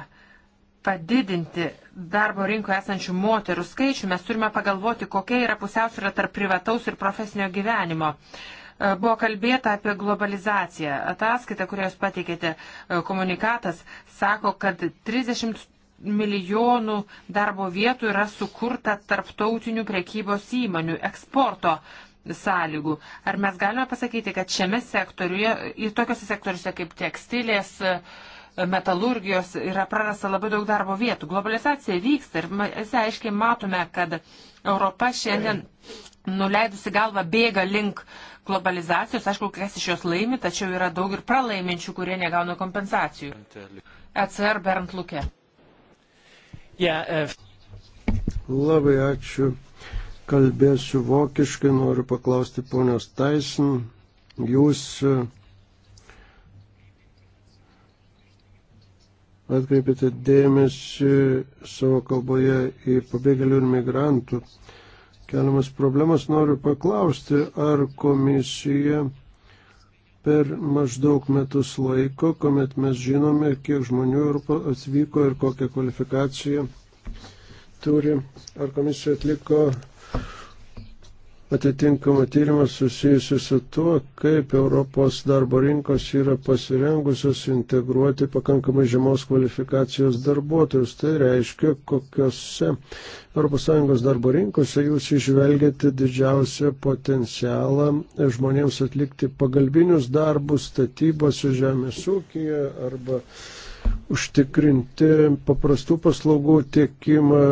padidinti darbo rinkoje esančių moterų skaičių, mes turime pagalvoti, kokia yra pusiausvyrą tarp privataus ir profesinio gyvenimo. E, buvo kalbėta apie globalizaciją. Ataskaita, kurią jūs pateikėte, e, komunikatas, sako, kad 30 milijonų darbo vietų yra sukurta tarptautinių prekybos įmonių eksporto sąlygų. Ar mes galime pasakyti, kad šiame sektoriuje, į tokiuose sektoriuose kaip tekstilės, metalurgijos yra prarasta labai daug darbo vietų. Globalizacija vyksta ir mes aiškiai matome, kad Europa šiandien nuleidusi galvą bėga link globalizacijos. Aišku, kas iš jos laimi, tačiau yra daug ir pralaiminčių, kurie negauna kompensacijų. ECR Bernd Luke. Yeah, uh... Labai ačiū. Kalbėsiu vokiškai, noriu paklausti ponios Taisin. Jūs uh, atkreipėte dėmesį savo kalboje į pabėgėlių ir migrantų keliamas problemas. Noriu paklausti, ar komisija per maždaug metus laiko, kuomet mes žinome, kiek žmonių atvyko ir kokią kvalifikaciją turi. Ar komisija atliko atitinkamą tyrimą susijusiu su tuo, kaip Europos darbo rinkos yra pasirengusios integruoti pakankamai žemos kvalifikacijos darbuotojus. Tai reiškia, kokiuose ES darbo rinkose jūs išvelgiate didžiausią potencialą žmonėms atlikti pagalbinius darbus statybose, žemės ūkija arba užtikrinti paprastų paslaugų tiekimą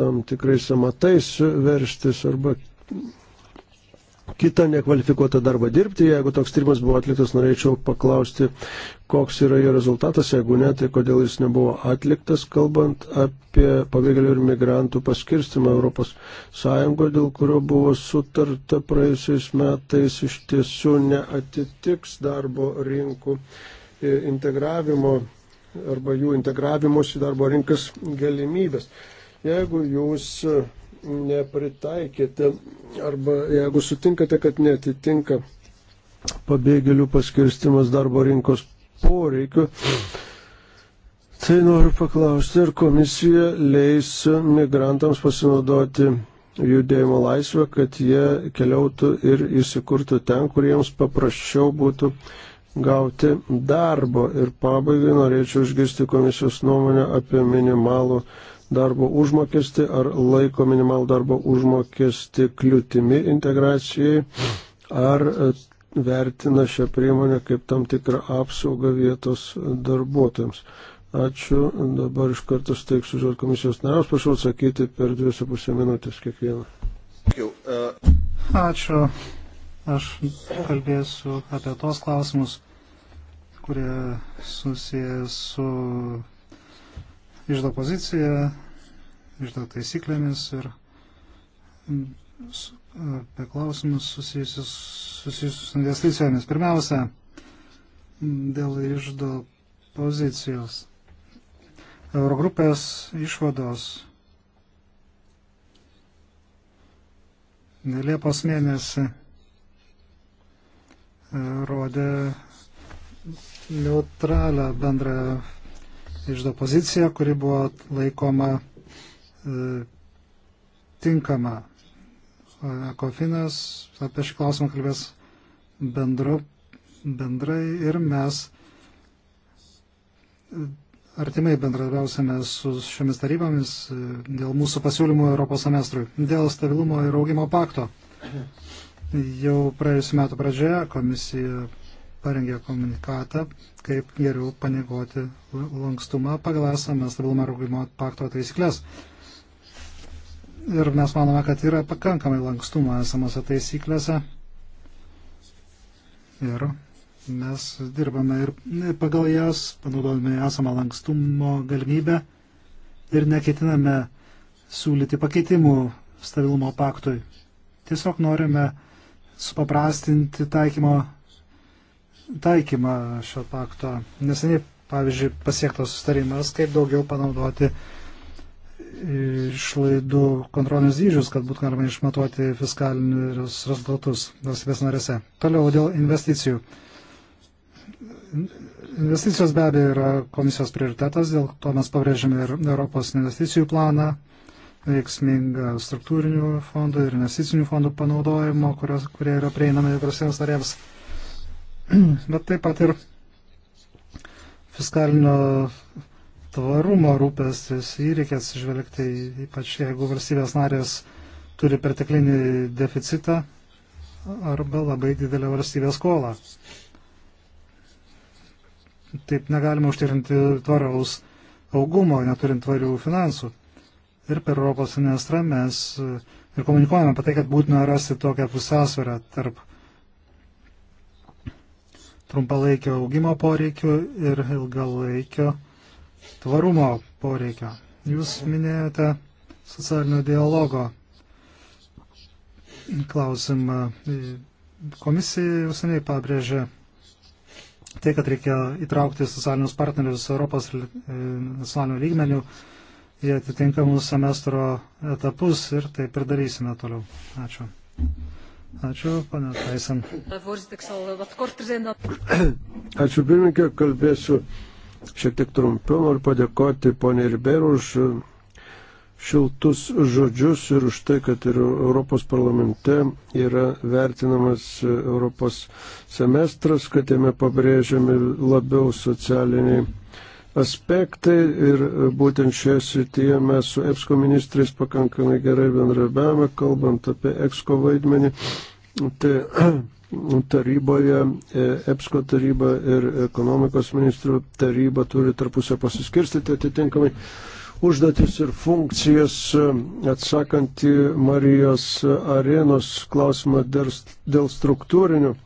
tam tikrais amatais verstis arba kitą nekvalifikuotą darbą dirbti. Jeigu toks tyrimas buvo atliktas, norėčiau paklausti, koks yra jo rezultatas, jeigu ne, tai kodėl jis nebuvo atliktas, kalbant apie pabėgėlių ir migrantų paskirstimą Europos Sąjungo, dėl kurio buvo sutarta praėjusiais metais, iš tiesų neatitiks darbo rinkų e, integravimo arba jų integravimosi darbo rinkas galimybės. Jeigu jūs nepritaikėte arba jeigu sutinkate, kad netitinka pabėgėlių paskirstimas darbo rinkos poreikiu, tai noriu paklausti, ar komisija leis migrantams pasinaudoti judėjimo laisvę, kad jie keliautų ir įsikurtų ten, kur jiems paprasčiau būtų gauti darbo. Ir pabaigai norėčiau išgirsti komisijos nuomonę apie minimalų darbo užmokestį, ar laiko minimalų darbo užmokestį kliūtimi integracijai, ar e, vertina šią priemonę kaip tam tikrą apsaugą vietos darbuotojams. Ačiū. Dabar iš karto steiksiu žodį komisijos nariams. Prašau atsakyti per 2,5 minutės kiekvieną. Ačiū. Aš kalbėsiu apie tos klausimus, kurie susijęs su išdo poziciją, išdo taisyklėmis ir mm, e, apie klausimus susijusius, susijusius su investicijomis. Pirmiausia, mm, dėl išdo pozicijos. Eurogrupės išvados Liepos mėnesį e, rodė neutralią bendrą išdo poziciją, kuri buvo laikoma e, tinkama. Kofinas apie šį klausimą kalbės bendru, bendrai ir mes e, artimai bendradarbiausime su šiomis tarybomis e, dėl mūsų pasiūlymų Europos semestrui, dėl stabilumo ir augimo pakto. Jau praėjusiu metu pradžioje komisija parengė komunikatą, kaip geriau panegoti lankstumą pagal esamą stabilumo ir augimo pakto taisyklės. Ir mes manome, kad yra pakankamai lankstumo esamose taisyklėse. Ir mes dirbame ir pagal jas, panaudodami esamą lankstumo galimybę ir neketiname siūlyti pakeitimų stabilumo paktui. Tiesiog norime supaprastinti taikymo taikymą šio pakto. Neseniai, pavyzdžiui, pasiektas sustarimas, kaip daugiau panaudoti išlaidų kontrolinius dydžius, kad būtų galima išmatuoti fiskalinius rezultatus valstybės narėse. Toliau dėl investicijų. Investicijos be abejo yra komisijos prioritetas, dėl to mes pabrėžiame ir Europos investicijų planą, veiksmingą struktūrinių fondų ir investicinių fondų panaudojimo, kurios, kurie yra prieinami visiems narėms. bet taip pat ir fiskalinio tvarumo rūpestis jį reikės žvelgti, ypač jeigu valstybės narės turi perteklinį deficitą arba labai didelę valstybės skolą. Taip negalima užtikrinti tvaraus augumo, neturint tvarių finansų. Ir per Europos semestrą mes ir komunikuojame apie tai, kad būtina rasti tokią pusiausvyrą tarp trumpalaikio augimo poreikių ir ilgalaikio tvarumo poreikio. Jūs minėjote socialinio dialogo klausimą. Komisija jau seniai pabrėžė tai, kad reikia įtraukti socialinius partnerius Europos e, nacionalinių lygmenių į atitinkamus semestro etapus ir taip ir darysime toliau. Ačiū. Ačiū, pana Taisen. Ačiū, pirmininkė, kalbėsiu šiek tiek trumpiau. Noriu padėkoti ponė Riberu už šiltus žodžius ir už tai, kad ir Europos parlamente yra vertinamas Europos semestras, kad jame pabrėžiami labiau socialiniai aspektai ir būtent šioje srityje mes su EPSCO ministrais pakankamai gerai bendrabiavame, kalbant apie EPSCO vaidmenį. Tai taryboje, e, EPSCO taryba ir ekonomikos ministrų taryba turi tarpusę pasiskirstyti atitinkamai užduotis ir funkcijas, atsakant į Marijos arenos klausimą dėl struktūrinių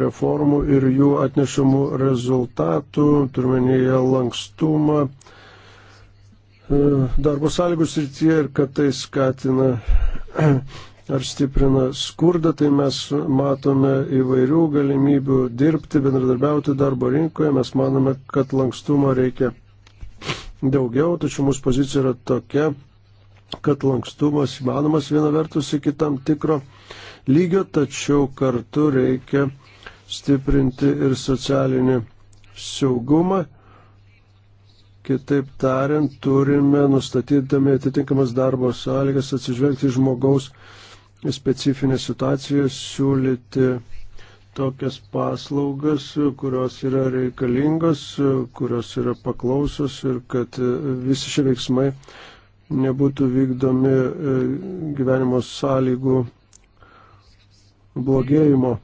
reformų ir jų atnešamų rezultatų, turmenyje lankstumą, e, darbo sąlygų srityje ir kad tai skatina ar stiprina skurdą, tai mes matome įvairių galimybių dirbti, bendradarbiauti darbo rinkoje, mes manome, kad lankstumo reikia daugiau, tačiau mūsų pozicija yra tokia, kad lankstumas įmanomas viena vertus iki tam tikro lygio, tačiau kartu reikia stiprinti ir socialinį saugumą. Kitaip tariant, turime, nustatydami atitinkamas darbo sąlygas, atsižvelgti žmogaus specifinę situaciją, siūlyti tokias paslaugas, kurios yra reikalingos, kurios yra paklausos ir kad visi šie veiksmai nebūtų vykdomi e, gyvenimo sąlygų blogėjimo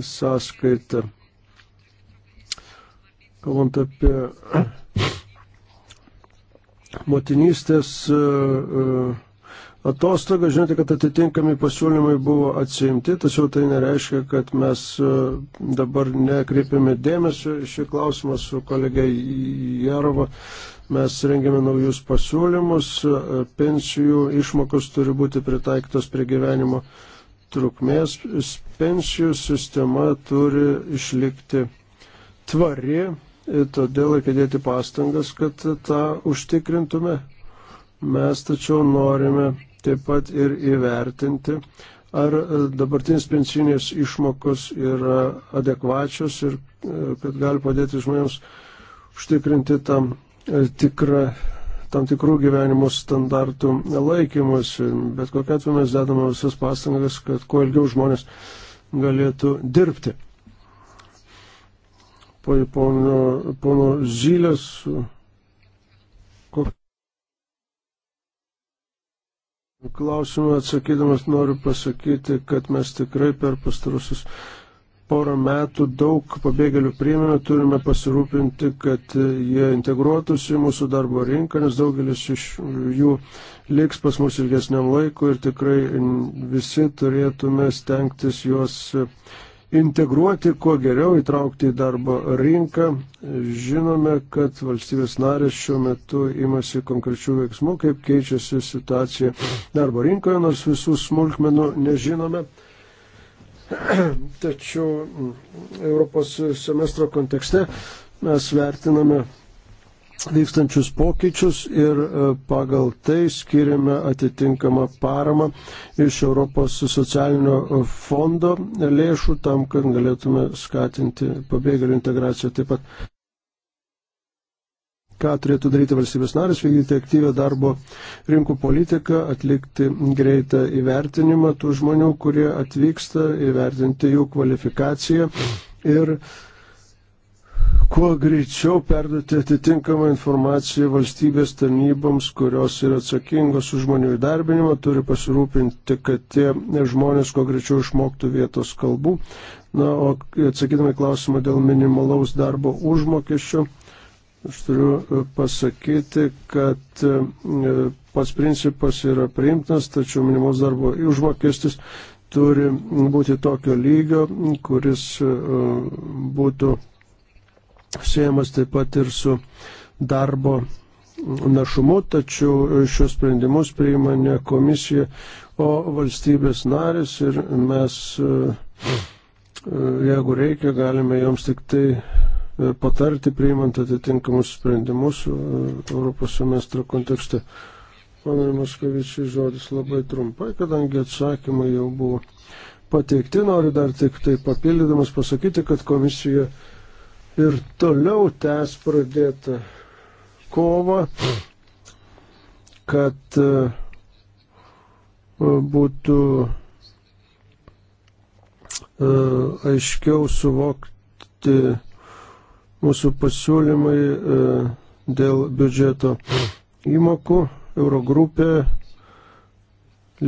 sąskaitą. Kalbant apie motinystės e, e, atostogą, žinote, kad atitinkami pasiūlymai buvo atsiimti, tačiau tai nereiškia, kad mes e, dabar nekreipiame dėmesio šį klausimą su kolegė Jarova. Mes rengiame naujus pasiūlymus, pensijų išmokos turi būti pritaiktos prie gyvenimo uh, trukmės pensijų sistema turi išlikti tvari, todėl reikia dėti pastangas, kad tą užtikrintume. Mes tačiau norime taip pat ir įvertinti, ar dabartinės pensinės išmokos yra adekvačios ir e, kad gali padėti žmonėms užtikrinti tam e, tikrą tam tikrų gyvenimo standartų laikymus. Bet kokia atveju mes dedame visas pastangas, kad kuo ilgiau žmonės galėtų dirbti. Po pono, pono Zylės. Klausimą atsakydamas noriu pasakyti, kad mes tikrai per pastarusius porą metų daug pabėgėlių priėmėme, turime pasirūpinti, kad jie integruotųsi į mūsų darbo rinką, nes daugelis iš jų liks pas mus ilgesniam laikui ir tikrai visi turėtume stengtis juos integruoti kuo geriau, įtraukti į darbo rinką. Žinome, kad valstybės narės šiuo metu imasi konkrečių veiksmų, kaip keičiasi situacija darbo rinkoje, nors visų smulkmenų nežinome. Tačiau mm, Europos semestro kontekste mes vertiname vykstančius pokyčius ir e, pagal tai skiriame atitinkamą paramą iš Europos socialinio fondo lėšų tam, kad galėtume skatinti pabėgėlių integraciją. Taip pat ką turėtų daryti valstybės narės, vykdyti aktyvę darbo rinkų politiką, atlikti greitą įvertinimą tų žmonių, kurie atvyksta, įvertinti jų kvalifikaciją ir kuo greičiau perduoti atitinkamą informaciją valstybės tarnyboms, kurios yra atsakingos už žmonių įdarbinimą, turi pasirūpinti, kad tie žmonės kuo greičiau išmoktų vietos kalbų. Na, o atsakydami klausimą dėl minimalaus darbo užmokesčio, Aš turiu e, pasakyti, kad e, pats principas yra priimtinas, tačiau minimus darbo užmokestis turi būti tokio lygio, kuris e, būtų siejamas taip pat ir su darbo našumu, tačiau šios sprendimus priima ne komisija, o valstybės narės ir mes, jeigu reikia, galime joms tik tai patarti, priimant atitinkamus sprendimus e, Europos semestro kontekste. Mano Moskovičiai žodis labai trumpai, kadangi atsakymai jau buvo pateikti, noriu dar tik tai papildydamas pasakyti, kad komisija ir toliau tęs pradėtą kovą, kad e, būtų e, aiškiau suvokti mūsų pasiūlymai e, dėl biudžeto įmokų. Eurogrupė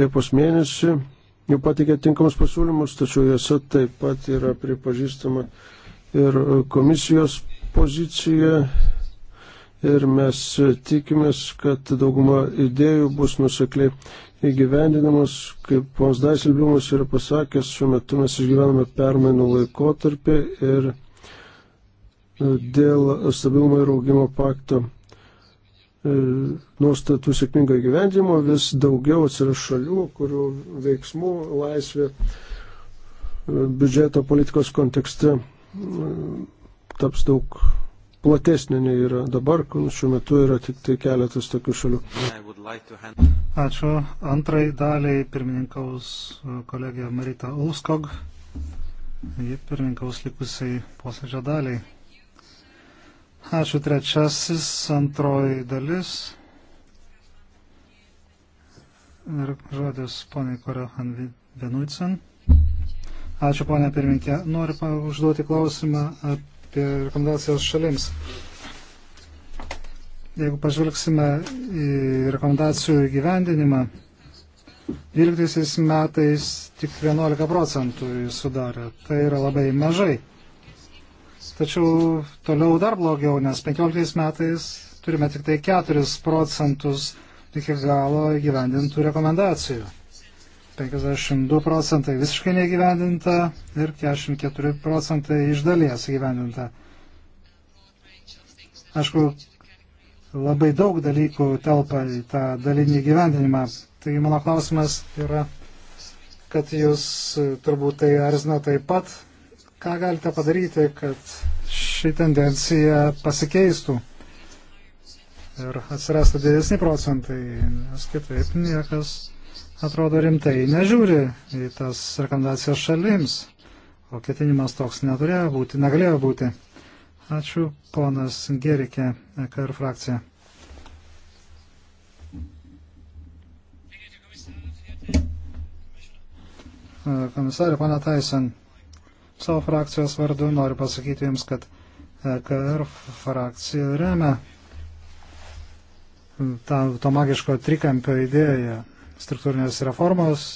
Liepos mėnesį jau patikė tinkamus pasiūlymus, tačiau juose taip pat yra pripažįstama ir komisijos pozicija. Ir mes tikimės, kad dauguma idėjų bus nusekliai įgyvendinamas. Kaip pons Daisilbimas yra pasakęs, šiuo metu mes išgyvename permainų laikotarpį ir dėl stabilumo ir augimo pakto e, nuostatų sėkmingo įgyvendimo vis daugiau atsiras šalių, kurių veiksmų laisvė e, biudžeto politikos kontekste e, taps daug platesnė nei yra dabar, šiuo metu yra tik tai keletas tokių šalių. Ačiū. Antrai daliai pirmininkaus kolegija Marita Ulskog. Ji pirmininkaus likusiai posėdžio daliai. Ačiū trečiasis, antroji dalis. Ir žodis poniai Korehan Venuicen. Ačiū ponia pirminkė. Noriu užduoti klausimą apie rekomendacijas šalims. Jeigu pažvelgsime į rekomendacijų įgyvendinimą, 12 metais tik 11 procentų sudarė. Tai yra labai mažai. Tačiau toliau dar blogiau, nes 15 metais turime tik tai 4 procentus iki galo gyvendintų rekomendacijų. 52 procentai visiškai negyvendinta ir 44 procentai iš dalies gyvendinta. Aišku, labai daug dalykų telpa į tą dalinį gyvendinimą. Tai mano klausimas yra, kad jūs turbūt tai erzina taip pat, Ką galite padaryti, kad ši tendencija pasikeistų ir atsirastų didesni procentai, nes kitaip niekas atrodo rimtai nežiūri į tas rekomendacijas šalims, o ketinimas toks neturėjo būti, negalėjo būti. Ačiū, ponas Gerikė, EKR frakcija. Komisarė, pana Tyson. Savo frakcijos vardu noriu pasakyti Jums, kad EKR frakcija remia tą, to magiško trikampio idėją struktūrinės reformos,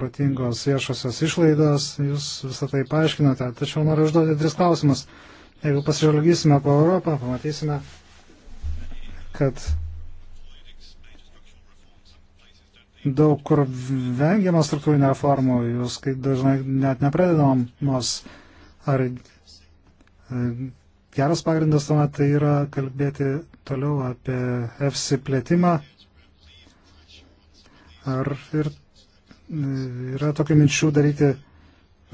protingos viešosios išlaidos, jūs visą tai paaiškinote, tačiau noriu užduoti tris klausimus. Jeigu pasižvalgysime po Europą, pamatysime, kad daug kur vengiama struktūrinė reformų, jūs kaip dažnai net nepradedamos. Ar e, geras pagrindas tuomet tai yra kalbėti toliau apie EFSI plėtimą? Ar ir e, yra tokių minčių daryti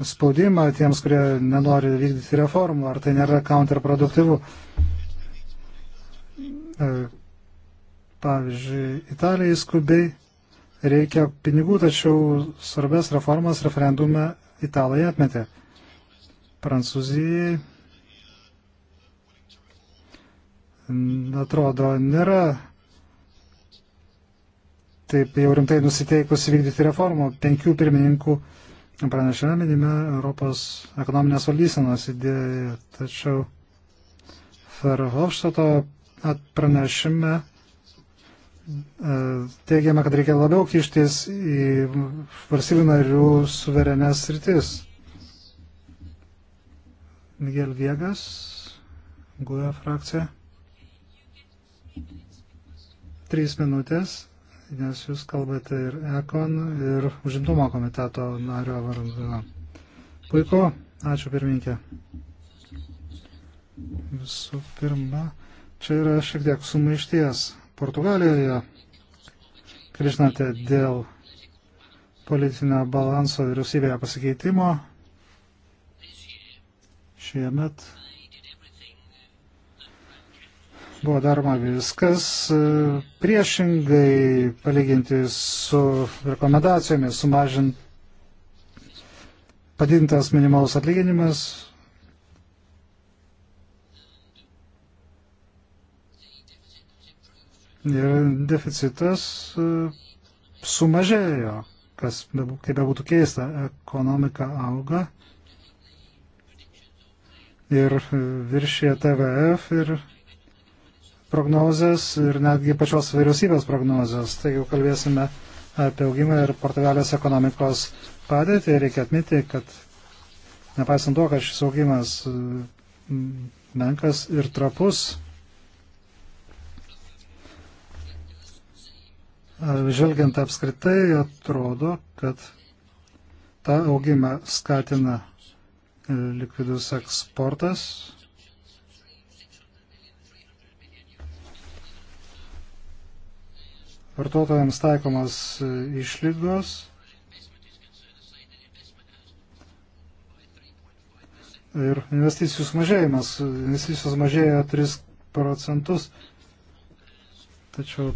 spaudimą tiems, kurie nenori vykdyti reformų, ar tai nėra counterproduktyvu? E, pavyzdžiui, Italijai skubiai reikia pinigų, tačiau svarbės reformas referendume Italai atmetė. Prancūzijai atrodo nėra taip jau rimtai nusiteikusi vykdyti reformų. Penkių pirmininkų pranešime minime Europos ekonominės valdysenos idėją, tačiau Ferhofštato pranešime E, teigiama, kad reikia labiau kištis į valstybių narių suverenės rytis. Miguel Viegas, GUE frakcija. Trys minutės, nes jūs kalbate ir ECON, ir užimtumo komiteto nario vardu. Puiku, ačiū pirminkė. Visų pirma, čia yra šiek tiek sumaišties Portugalijoje, kaip žinote, dėl politinio balanso vyriausybėje pasikeitimo šiemet buvo daroma viskas e, priešingai palyginti su rekomendacijomis sumažint padidintas minimalus atlyginimas deficitas e, sumažėjo, kas kaip bebūtų keista, ekonomika auga ir viršė TVF ir prognozes ir netgi pačios vyriausybės prognozes. Taigi, jau kalbėsime apie augimą ir Portugalijos ekonomikos padėtį, reikia atmiti, kad nepaisant to, kad šis augimas menkas ir trapus, Žvelgiant apskritai, atrodo, kad tą augimą skatina e, likvidus eksportas. Vartotojams taikomas e, išlygos. Ir investicijų sumažėjimas. Investicijos mažėjo 3 procentus. Tačiau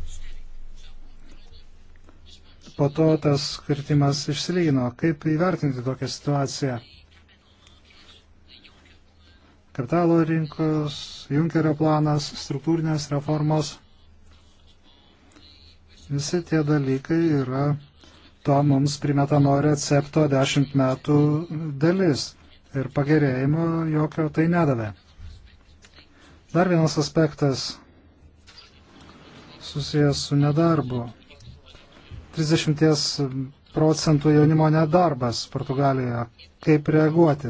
po to tas kritimas išsilygino. Kaip įvertinti tokią situaciją? Kapitalo rinkos, Junkerio planas, struktūrinės reformos. Visi tie dalykai yra to mums primetamo recepto 10 metų dalis ir pagerėjimo jokio tai nedavė. Dar vienas aspektas susijęs su nedarbu. 30 procentų jaunimo nedarbas Portugalijoje. Kaip reaguoti?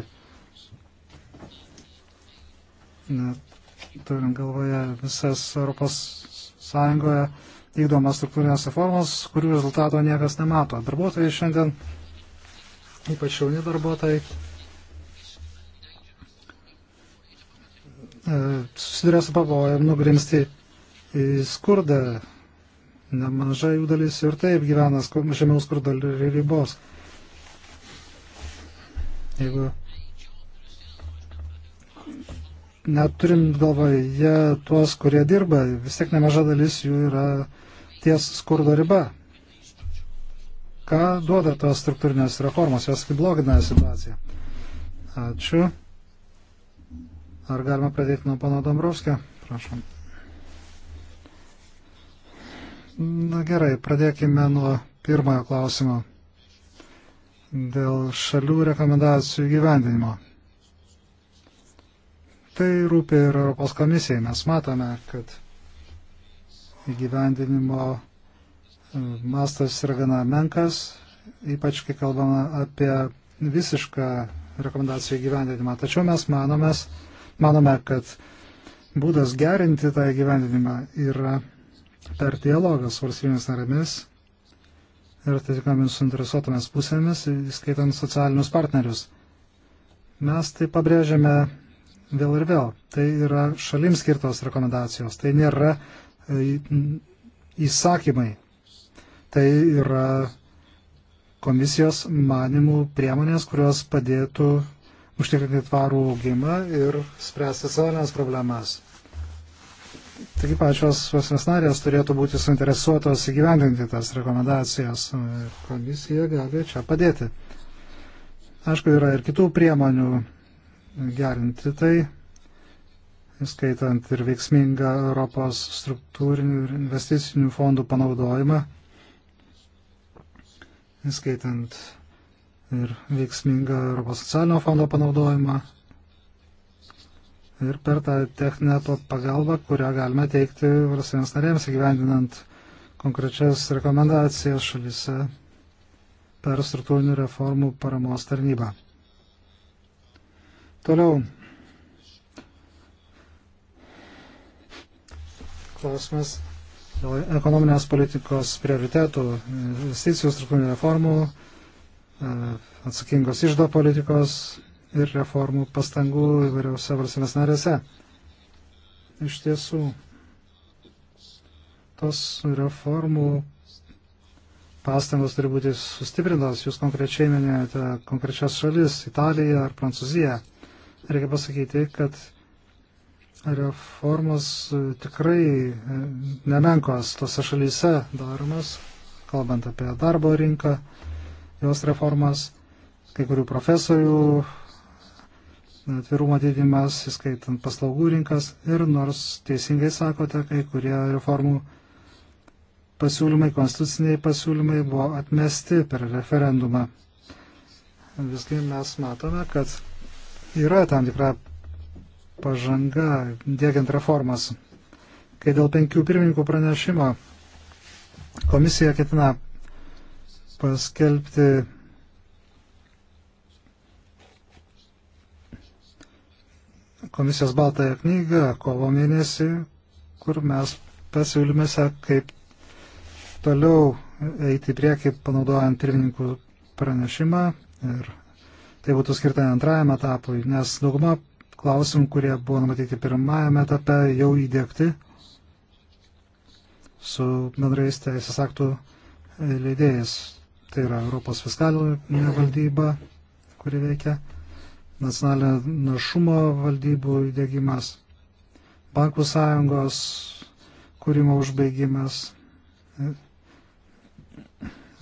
Turint galvoje visas Europos Sąjungoje vykdomas struktūrinės reformos, kurių rezultato niekas nemato. Darbuotojai šiandien, ypač jauni darbuotojai, e, susiduria su pavojom nugrimsti į skurdą Nemaža jų dalis ir taip gyvena žemiaus skurdo ribos. Jeigu neturim galvoje tuos, kurie dirba, vis tiek nemaža dalis jų yra ties skurdo riba. Ką duoda tos struktūrinės reformos, jos kaip blogina situaciją. Ačiū. Ar galima pradėti nuo pana Dombrovskio? Prašom. Na gerai, pradėkime nuo pirmojo klausimo dėl šalių rekomendacijų gyvendinimo. Tai rūpi ir Europos komisijai. Mes matome, kad įgyvendinimo e, mastas yra gana menkas, ypač kai kalbame apie visišką rekomendacijų įgyvendinimą. Tačiau mes manomės, manome, kad būdas gerinti tą įgyvendinimą yra per dialogą su valstybėmis narėmis ir atitikomis suinteresuotomis pusėmis, įskaitant socialinius partnerius. Mes tai pabrėžiame vėl ir vėl. Tai yra šalims skirtos rekomendacijos, tai nėra e, įsakymai. Tai yra komisijos manimų priemonės, kurios padėtų užtikrinti tvarų augimą ir spręsti savinės problemas. Taigi pačios valstybės narės turėtų būti suinteresuotos įgyvendinti tas rekomendacijas. Komisija gali čia padėti. Aišku, yra ir kitų priemonių gerinti tai, įskaitant ir veiksmingą Europos struktūrinių ir investicinių fondų panaudojimą, įskaitant ir veiksmingą Europos socialinio fondo panaudojimą, ir per tą techninę pagalbą, kurią galime teikti valstybėms narėms įgyvendinant konkrečias rekomendacijas šalise per struktūrinių reformų paramos tarnybą. Toliau. Klausimas dėl ekonominės politikos prioritetų, investicijų struktūrinių reformų, e, atsakingos išdo politikos, ir reformų pastangų įvairiose valstybės narėse. Iš tiesų, tos reformų pastangos turi būti sustiprintos. Jūs konkrečiai minėjote konkrečias šalis - Italiją ar Prancūziją. Reikia pasakyti, kad reformos tikrai e, nemenkos tose šalyse daromas, kalbant apie darbo rinką, jos reformas, kai kurių profesorių atvirumo didinimas, įskaitant paslaugų rinkas. Ir nors teisingai sakote, kai kurie reformų pasiūlymai, konstituciniai pasiūlymai buvo atmesti per referendumą. Visgi mes matome, kad yra tam tikra pažanga dėgiant reformas. Kai dėl penkių pirmininkų pranešimo komisija ketina paskelbti komisijos baltąją knygą kovo mėnesį, kur mes pasiūlymėse, kaip toliau eiti į priekį panaudojant pirmininkų pranešimą ir tai būtų skirta antrajam etapui, nes dauguma klausimų, kurie buvo numatyti pirmajame etape, jau įdėkti su bendrais teisės aktų leidėjais. Tai yra Europos fiskalinė valdyba, kuri veikia nacionalinio našumo valdybų įdėgymas, bankų sąjungos kūrimo užbaigimas,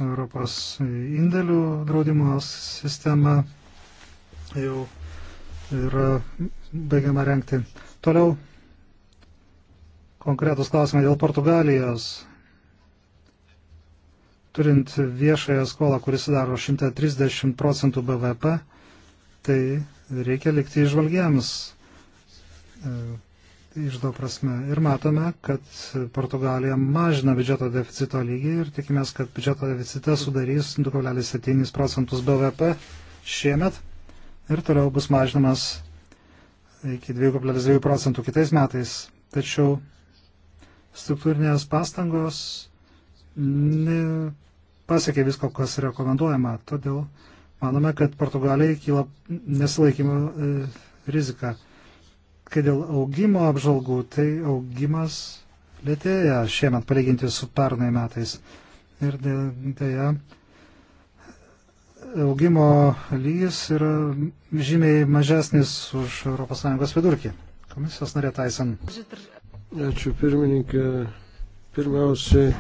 Europos indėlių draudimo sistema jau yra baigiama renkti. Toliau konkretus klausimai dėl Portugalijos. Turint viešąją skolą, kuris sudaro 130 procentų BVP, tai reikia likti išvalgiems e, išdo prasme. Ir matome, kad Portugalija mažina biudžeto deficito lygį ir tikimės, kad biudžeto deficitas sudarys 2,7 procentus BVP šiemet ir toliau bus mažinamas iki 2,2 procentų kitais metais. Tačiau struktūrinės pastangos pasiekė visko, kas rekomenduojama. Todėl Manome, kad Portugalijai kyla nesilaikymų e, rizika. Kai dėl augimo apžalgų, tai augimas lėtėja šiemet palyginti su pernai metais. Ir dėja, augimo lygis yra žymiai mažesnis už ES vidurkį. Komisijos narė Taisen. Ačiū pirmininkė. Pirmiausiai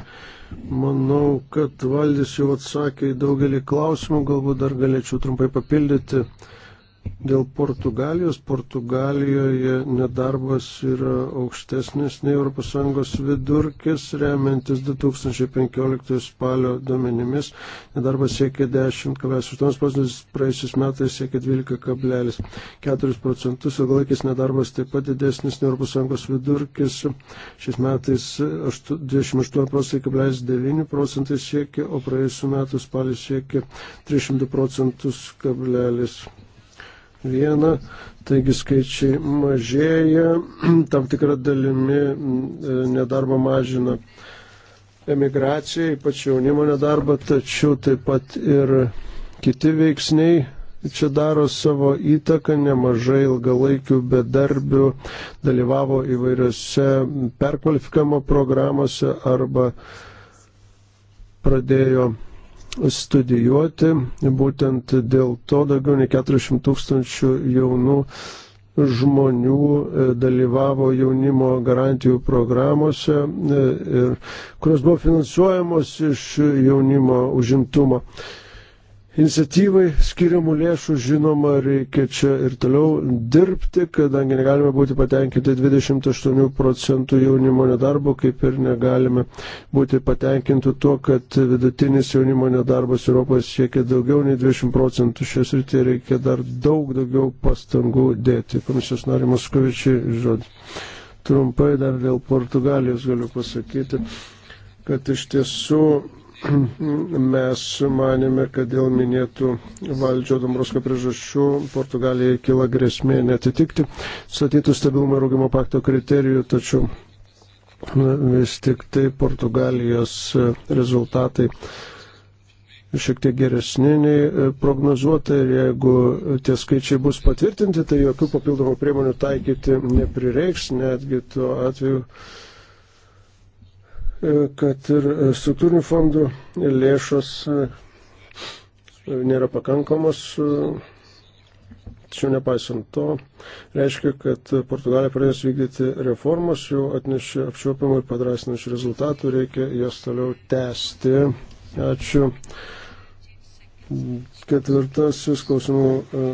Manau, kad valdys jau atsakė į daugelį klausimų, galbūt dar galėčiau trumpai papildyti Dėl Portugalijos, Portugalijoje nedarbas yra aukštesnis nei ES vidurkis, remiantis 2015 spalio duomenimis. Nedarbas siekia 10,8 procentus, praėjusiais metais siekia 12,4 procentus, ilgalaikis nedarbas taip pat didesnis nei ES vidurkis. Šiais metais 28,9 procentai, procentai siekia, o praėjusiu metu spalį siekia 302 procentus. Kablelis vieną, taigi skaičiai mažėja, tam tikrą dalimi e, nedarbą mažina emigracija, ypač jaunimo nedarbą, tačiau taip pat ir kiti veiksniai čia daro savo įtaką, nemažai ilgalaikių bedarbių dalyvavo įvairiose perkvalifikavimo programuose arba pradėjo studijuoti. Būtent dėl to daugiau nei 400 tūkstančių jaunų žmonių e, dalyvavo jaunimo garantijų programuose, e, ir, kurios buvo finansuojamos iš jaunimo užimtumo iniciatyvai skiriamų lėšų, žinoma, reikia čia ir toliau dirbti, kadangi negalime būti patenkinti 28 procentų jaunimo nedarbo, kaip ir negalime būti patenkinti tuo, kad vidutinis jaunimo nedarbas Europoje siekia daugiau nei 20 procentų. Šios rytį reikia dar daug daugiau pastangų dėti. Komisijos nariai Moskovičiai, žodis. Trumpai dar dėl Portugalijos galiu pasakyti, kad iš tiesų mes manėme, kad dėl minėtų valdžio Dombrovskio priežasčių Portugalijai kila grėsmė netitikti statytų stabilumo ir augimo pakto kriterijų, tačiau vis tik tai Portugalijos rezultatai šiek tiek geresni nei prognozuota ir jeigu tie skaičiai bus patvirtinti, tai jokių papildomų priemonių taikyti neprireiks, netgi tuo atveju kad ir struktūrinių fondų lėšos e, nėra pakankamos. E, tačiau nepaisant to, reiškia, kad Portugalija pradės vykdyti reformas, jau atnešė apčiuopiamai padrasinančių rezultatų, reikia jas toliau tęsti. Ačiū. Ketvirtasis klausimų e,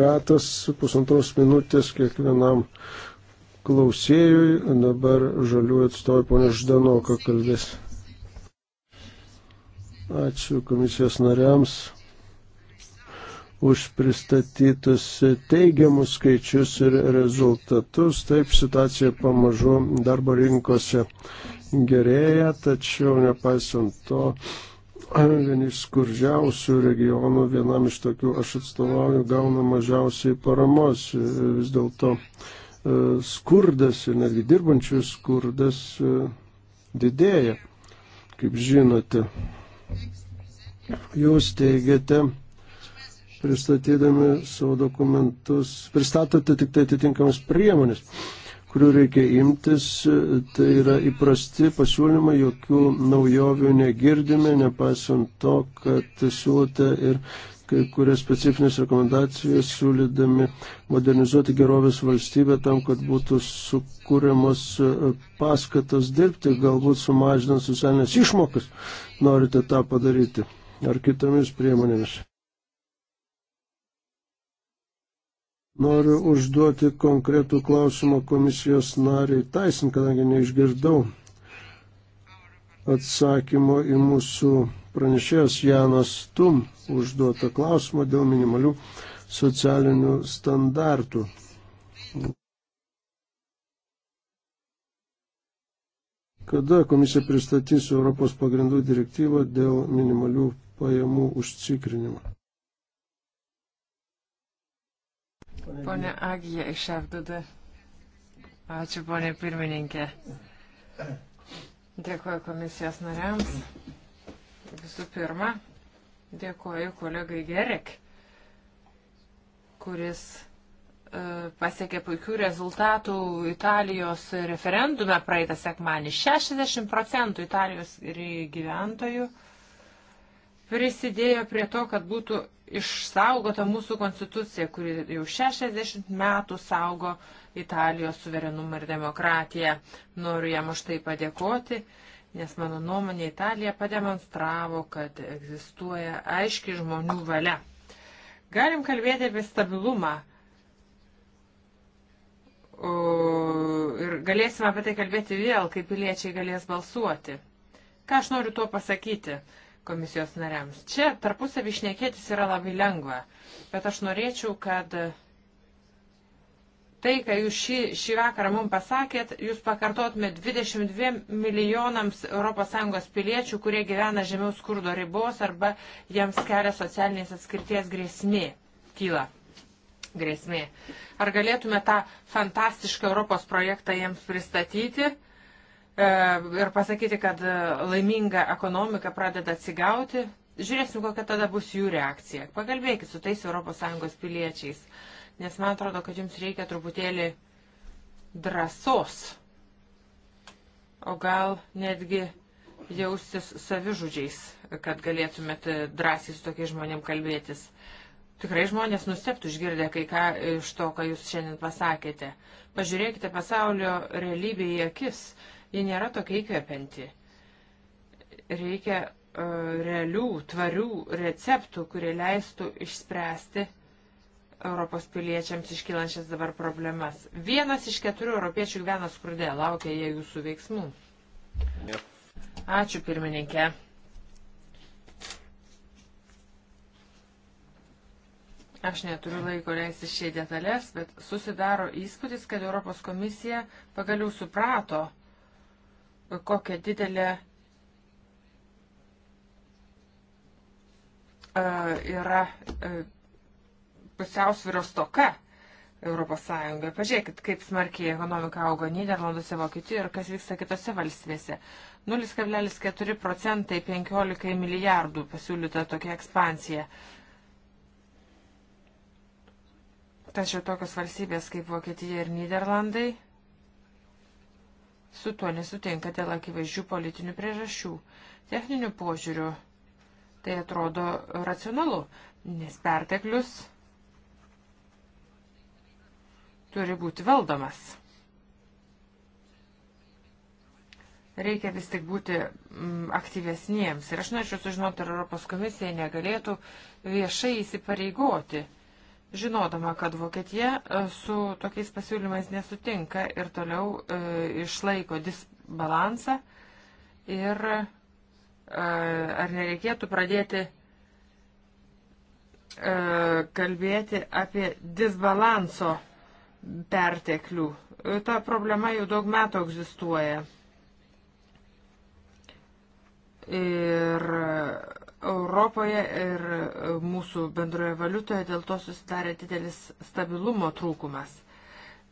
ratas, pusantros minutės kiekvienam klausėjui, dabar žalių atstovai ponė Ždanoka kalbės. Ačiū komisijos nariams už pristatytus teigiamus skaičius ir rezultatus. Taip situacija pamažu darbo rinkose gerėja, tačiau nepaisant to, vieni iš skurdžiausių regionų, vienam iš tokių aš atstovauju, gauna mažiausiai paramos. Vis dėlto E, skurdas ir netgi dirbančių skurdas e, didėja, kaip žinote. Jūs teigiate, pristatydami savo dokumentus, pristatote tik tai atitinkamas priemonės, kurių reikia imtis. Tai yra įprasti pasiūlymai, jokių naujovių negirdime, nepaisant to, kad siūlote ir kai kurias specifinės rekomendacijas siūlydami modernizuoti gerovės valstybę tam, kad būtų sukūriamos e, paskatos dirbti, galbūt sumažinant socialinės išmokas, norite tą padaryti ar kitomis priemonėmis. Noriu užduoti konkretų klausimą komisijos nariai Taisin, kadangi neišgirdau atsakymo į mūsų pranešėjos Janas Tum užduotą klausimą dėl minimalių socialinių standartų. Kada komisija pristatys Europos pagrindų direktyvą dėl minimalių pajamų užcikrinimo? Pone Agija iš FDD. Ačiū, ponė pirmininkė. Dėkuoju komisijos nariams. Visų pirma, dėkoju kolegai Gerek, kuris e, pasiekė puikių rezultatų Italijos referendume praeitą sekmanį. 60 procentų Italijos gyventojų prisidėjo prie to, kad būtų išsaugota mūsų konstitucija, kuri jau 60 metų saugo Italijos suverenumą ir demokratiją. Noriu jam už tai padėkoti. Uh, nes mano nuomonė Italija pademonstravo, kad egzistuoja aiški žmonių valia. Galim kalbėti apie stabilumą. Ir galėsim apie tai kalbėti vėl, kai piliečiai galės balsuoti. Ką aš noriu tuo pasakyti komisijos nariams? Čia tarpusavį išnekėtis yra labai lengva, bet aš norėčiau, kad tai, ką jūs šį, šį vakarą mums pasakėt, jūs pakartotumėt 22 milijonams ES piliečių, kurie gyvena žemiau skurdo ribos arba jiems kelia socialinės atskirties grėsmė, kyla grėsmė. Ar galėtume tą fantastišką Europos projektą jiems pristatyti e, ir pasakyti, kad e, laiminga ekonomika pradeda atsigauti? Žiūrėsim, kokia tada bus jų reakcija. Pakalbėkit su tais ES piliečiais nes man atrodo, kad jums reikia truputėlį drąsos, o gal netgi jaustis savižudžiais, kad galėtumėt drąsiai su tokiais žmonėm kalbėtis. Tikrai žmonės nusteptų išgirdę kai ką iš to, ką jūs šiandien pasakėte. Pažiūrėkite pasaulio realybė į akis, ji nėra tokia įkvepianti. Reikia uh, realių, tvarių receptų, kurie leistų išspręsti Europos piliečiams iškylančias dabar problemas. Vienas iš keturių europiečių gyvena skurde, laukia jie jūsų veiksmų. Ačiū pirmininkė. Aš neturiu laiko leisti šiai detalės, bet susidaro įspūdis, kad Europos komisija pagaliau suprato, kokią didelę uh, yra uh, pusiausviros toka Europos Sąjungoje. Pažiūrėkit, kaip smarkiai ekonomika augo Niderlanduose, Vokietijoje ir kas vyksta kitose valstybėse. 0,4 procentai 15 milijardų pasiūlyta tokia ekspansija. Tačiau tokios valstybės kaip Vokietija ir Niderlandai su tuo nesutinka dėl akivaizdžių politinių priežasčių. Techninių požiūrių tai atrodo racionalu, nes perteklius turi būti valdomas. Reikia vis tik būti mm, aktyvesniems. Ir aš norėčiau sužinoti, ar Europos komisija negalėtų viešai įsipareigoti, žinodama, kad Vokietija e, su tokiais pasiūlymais nesutinka ir toliau e, išlaiko disbalansą. Ir e, ar nereikėtų pradėti e, kalbėti apie disbalanso perteklių. Ta problema jau daug metų egzistuoja. Ir Europoje ir mūsų bendroje valiutoje dėl to susidarė didelis stabilumo trūkumas.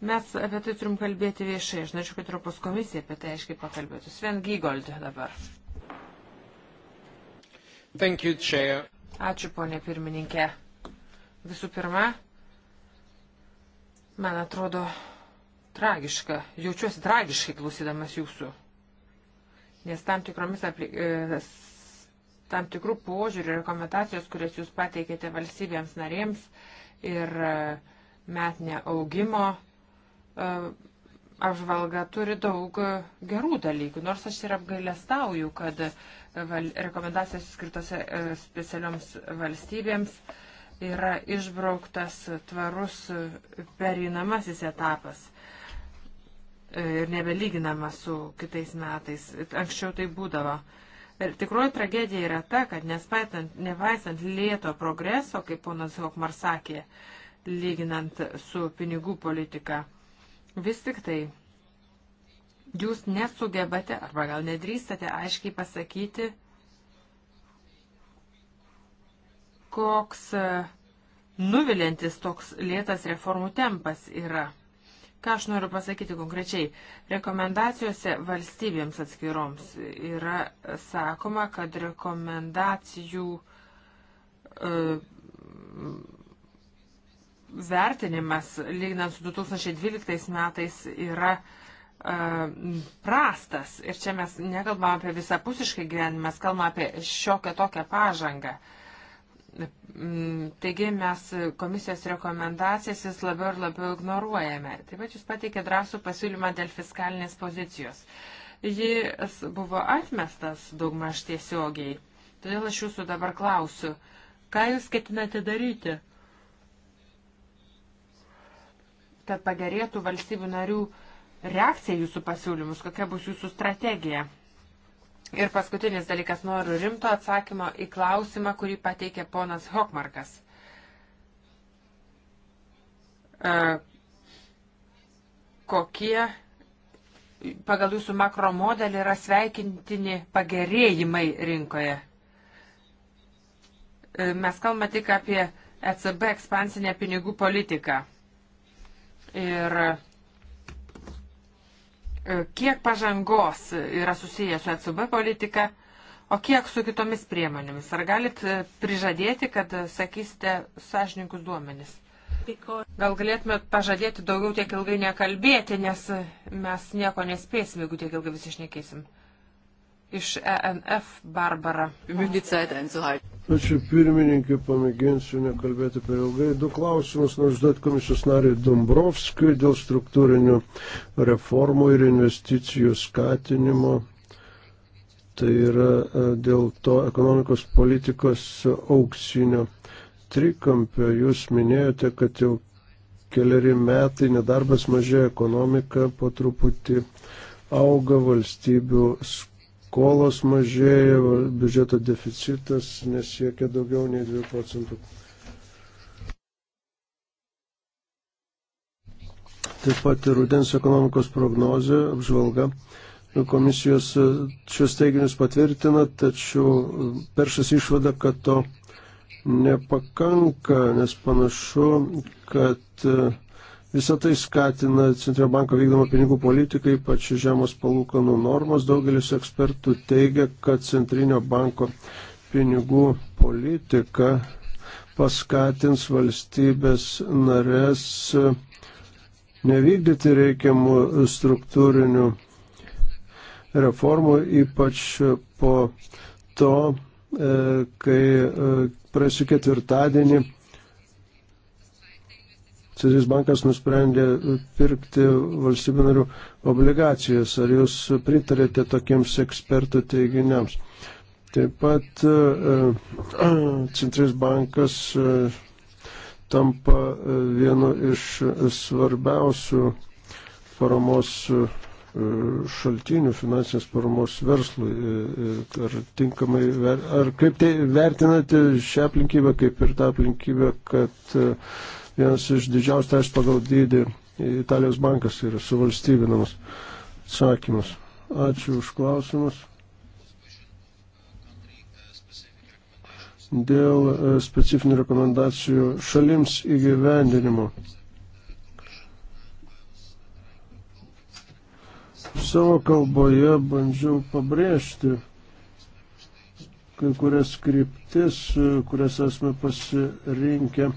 Mes apie tai turim kalbėti viešai. Aš norėčiau, kad Europos komisija apie tai aiškiai pakalbėtų. Sven Gygold dabar. Thank you, Chair. Ačiū, ponė pirmininkė. Visų pirma, Man atrodo tragiška, jaučiuosi tragiškai klausydamas jūsų, nes tam, tikromis, e, tam tikrų požiūrių rekomendacijos, kurias jūs pateikėte valstybėms narėms ir e, metinė augimo e, apžvalga turi daug gerų dalykų, nors aš ir apgailestauju, kad rekomendacijos skirtose specialioms valstybėms uh, yra išbrauktas tvarus pereinamasis etapas ir nebelyginama su kitais metais. Anksčiau tai būdavo. Ir tikroji tragedija yra ta, kad nespaitant, nevaisant lėto progreso, kaip ponas Hokmar sakė, lyginant su pinigų politika, vis tik tai jūs nesugebate arba gal nedrįstate aiškiai pasakyti, koks e, nuvilintis toks lėtas reformų tempas yra. Ką aš noriu pasakyti konkrečiai? Rekomendacijose valstybėms atskiroms yra sakoma, kad rekomendacijų e, vertinimas, lyginant su 2012 metais, yra e, prastas. Ir čia mes nekalbam apie visapusiškai gyvenimą, mes kalbam apie šiokią tokią pažangą. E, Taigi mes komisijos rekomendacijas vis labiau ir labiau ignoruojame. Taip pat jūs pateikė drąsų pasiūlymą dėl fiskalinės pozicijos. Jis buvo atmestas daugmaž tiesiogiai. Todėl aš jūsų dabar klausiu, ką jūs ketinate daryti, kad pagerėtų valstybių narių reakcija jūsų pasiūlymus, kokia bus jūsų strategija. Ir paskutinis dalykas, noriu rimto atsakymo į klausimą, kurį pateikė ponas Hokmarkas. E, kokie pagal jūsų makro modelį yra sveikintini pagerėjimai rinkoje? E, mes kalbame tik apie ECB ekspansinę pinigų politiką. Ir kiek pažangos yra susiję su ECB politika, o kiek su kitomis priemonėmis. Ar galit e, prižadėti, kad e, sakysite sąžininkus duomenis? Gal galėtumėt pažadėti daugiau tiek ilgai nekalbėti, nes e, mes nieko nespėsim, jeigu tiek ilgai visi išnekėsim iš ENF Barbara. Ačiū pirmininkai, pamėginsiu nekalbėti per ilgai. Du klausimus noriu užduoti komisijos nariai Dombrovskijui dėl struktūrinių reformų ir investicijų skatinimo. Tai yra e, dėl to ekonomikos politikos auksinio trikampio. Jūs minėjote, kad jau keliari metai nedarbas mažėja, ekonomika po truputį auga valstybių skolų skolos mažėja, biudžeto deficitas nesiekia daugiau nei 2 procentų. Taip pat ir rudens ekonomikos prognozė, apžvalga. Komisijos e, šios teiginius patvirtina, tačiau e, peršas išvada, kad to nepakanka, nes panašu, kad uh, Visą tai skatina Centrinio banko vykdomą pinigų politiką, ypač žemos palūkanų normos. Daugelis ekspertų teigia, kad Centrinio banko pinigų politika paskatins valstybės narės nevykdyti reikiamų struktūrinių reformų, ypač po to, e, kai e, praėjusiu ketvirtadienį Centrinis bankas nusprendė pirkti valstybių narių obligacijas. Ar jūs pritarėte tokiems ekspertų teiginiams? Taip pat e, Centrinis bankas e, tampa e, vienu iš svarbiausių paramos šaltinių finansinės paramos verslui. Ar tinkamai, ar kaip tai vertinate šią aplinkybę, kaip ir tą aplinkybę, kad uh, vienas iš didžiausių teisų pagal dydį Italijos bankas yra suvalstybinamas. Atsakymas. Ačiū už klausimus. Dėl e, specifinių rekomendacijų šalims įgyvendinimo. Savo kalboje bandžiau pabrėžti kai kurias kryptis, e, kurias esame pasirinkę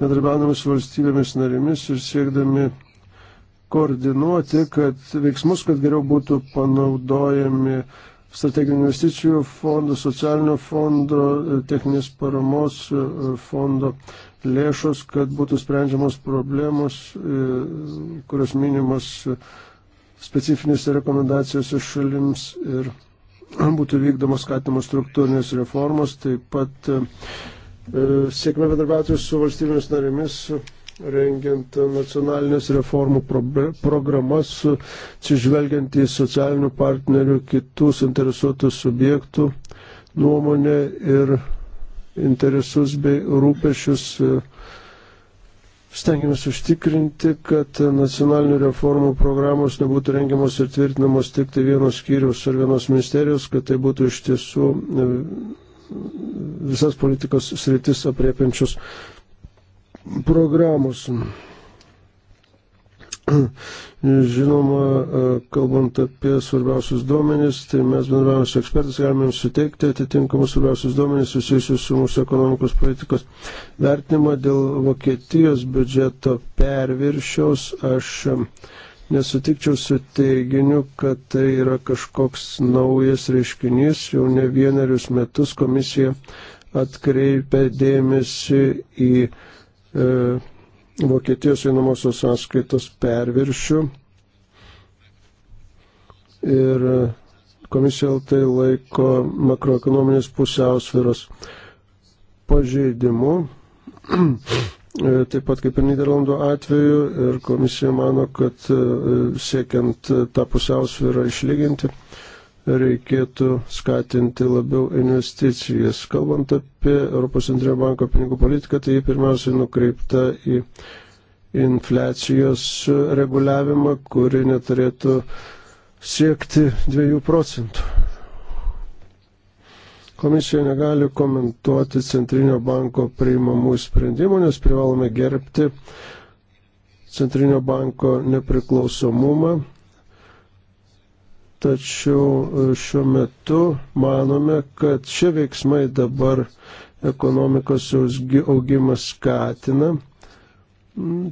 bendrabiaudami su valstybėmis narėmis ir siekdami koordinuoti, kad veiksmus, kad geriau būtų panaudojami strateginių investicijų fondo, socialinio fondo, techninės paramos e, fondo lėšos, kad būtų sprendžiamos problemos, e, kurios minimos specifinėse rekomendacijose šalims ir būtų vykdomos skatinamos struktūrinės reformos, taip pat e, E, Siekime bendarbiauti su valstybėmis narėmis, rengiant nacionalinės reformų programas, atsižvelgiant į socialinių partnerių, kitų suinteresuotų subjektų nuomonę ir interesus bei rūpešius. E, stengiamės užtikrinti, kad nacionalinių reformų programos nebūtų rengiamos ir tvirtinamos tik tai vienos skyrius ar vienos ministerijos, kad tai būtų iš tiesų e, visas politikos sritis apriepiančius programos. Žinoma, kalbant apie svarbiausius duomenys, tai mes bendravame su ekspertais, galime jums suteikti atitinkamus svarbiausius duomenys susijusius su mūsų ekonomikos politikos vertinimo dėl Vokietijos biudžeto perviršiaus. Aš nesutikčiau su teiginiu, kad tai yra kažkoks naujas reiškinys. Jau ne vienerius metus komisija atkreipia dėmesį į e, Vokietijos einamosios sąskaitos perviršių. Ir komisija tai laiko makroekonominės pusiausviros pažeidimu. E, taip pat kaip ir Niderlandų atveju, ir komisija mano, kad e, siekiant e, tą pusiausvyrą išlyginti, reikėtų skatinti labiau investicijas. Kalbant apie Europos centrinio banko pinigų politiką, tai ji pirmiausiai nukreipta į infliacijos reguliavimą, kuri neturėtų siekti 2 procentų. Komisija negali komentuoti Centrinio banko priimamų sprendimų, nes privalome gerbti Centrinio banko nepriklausomumą. Tačiau e, šiuo metu manome, kad šie veiksmai dabar ekonomikos augimas skatina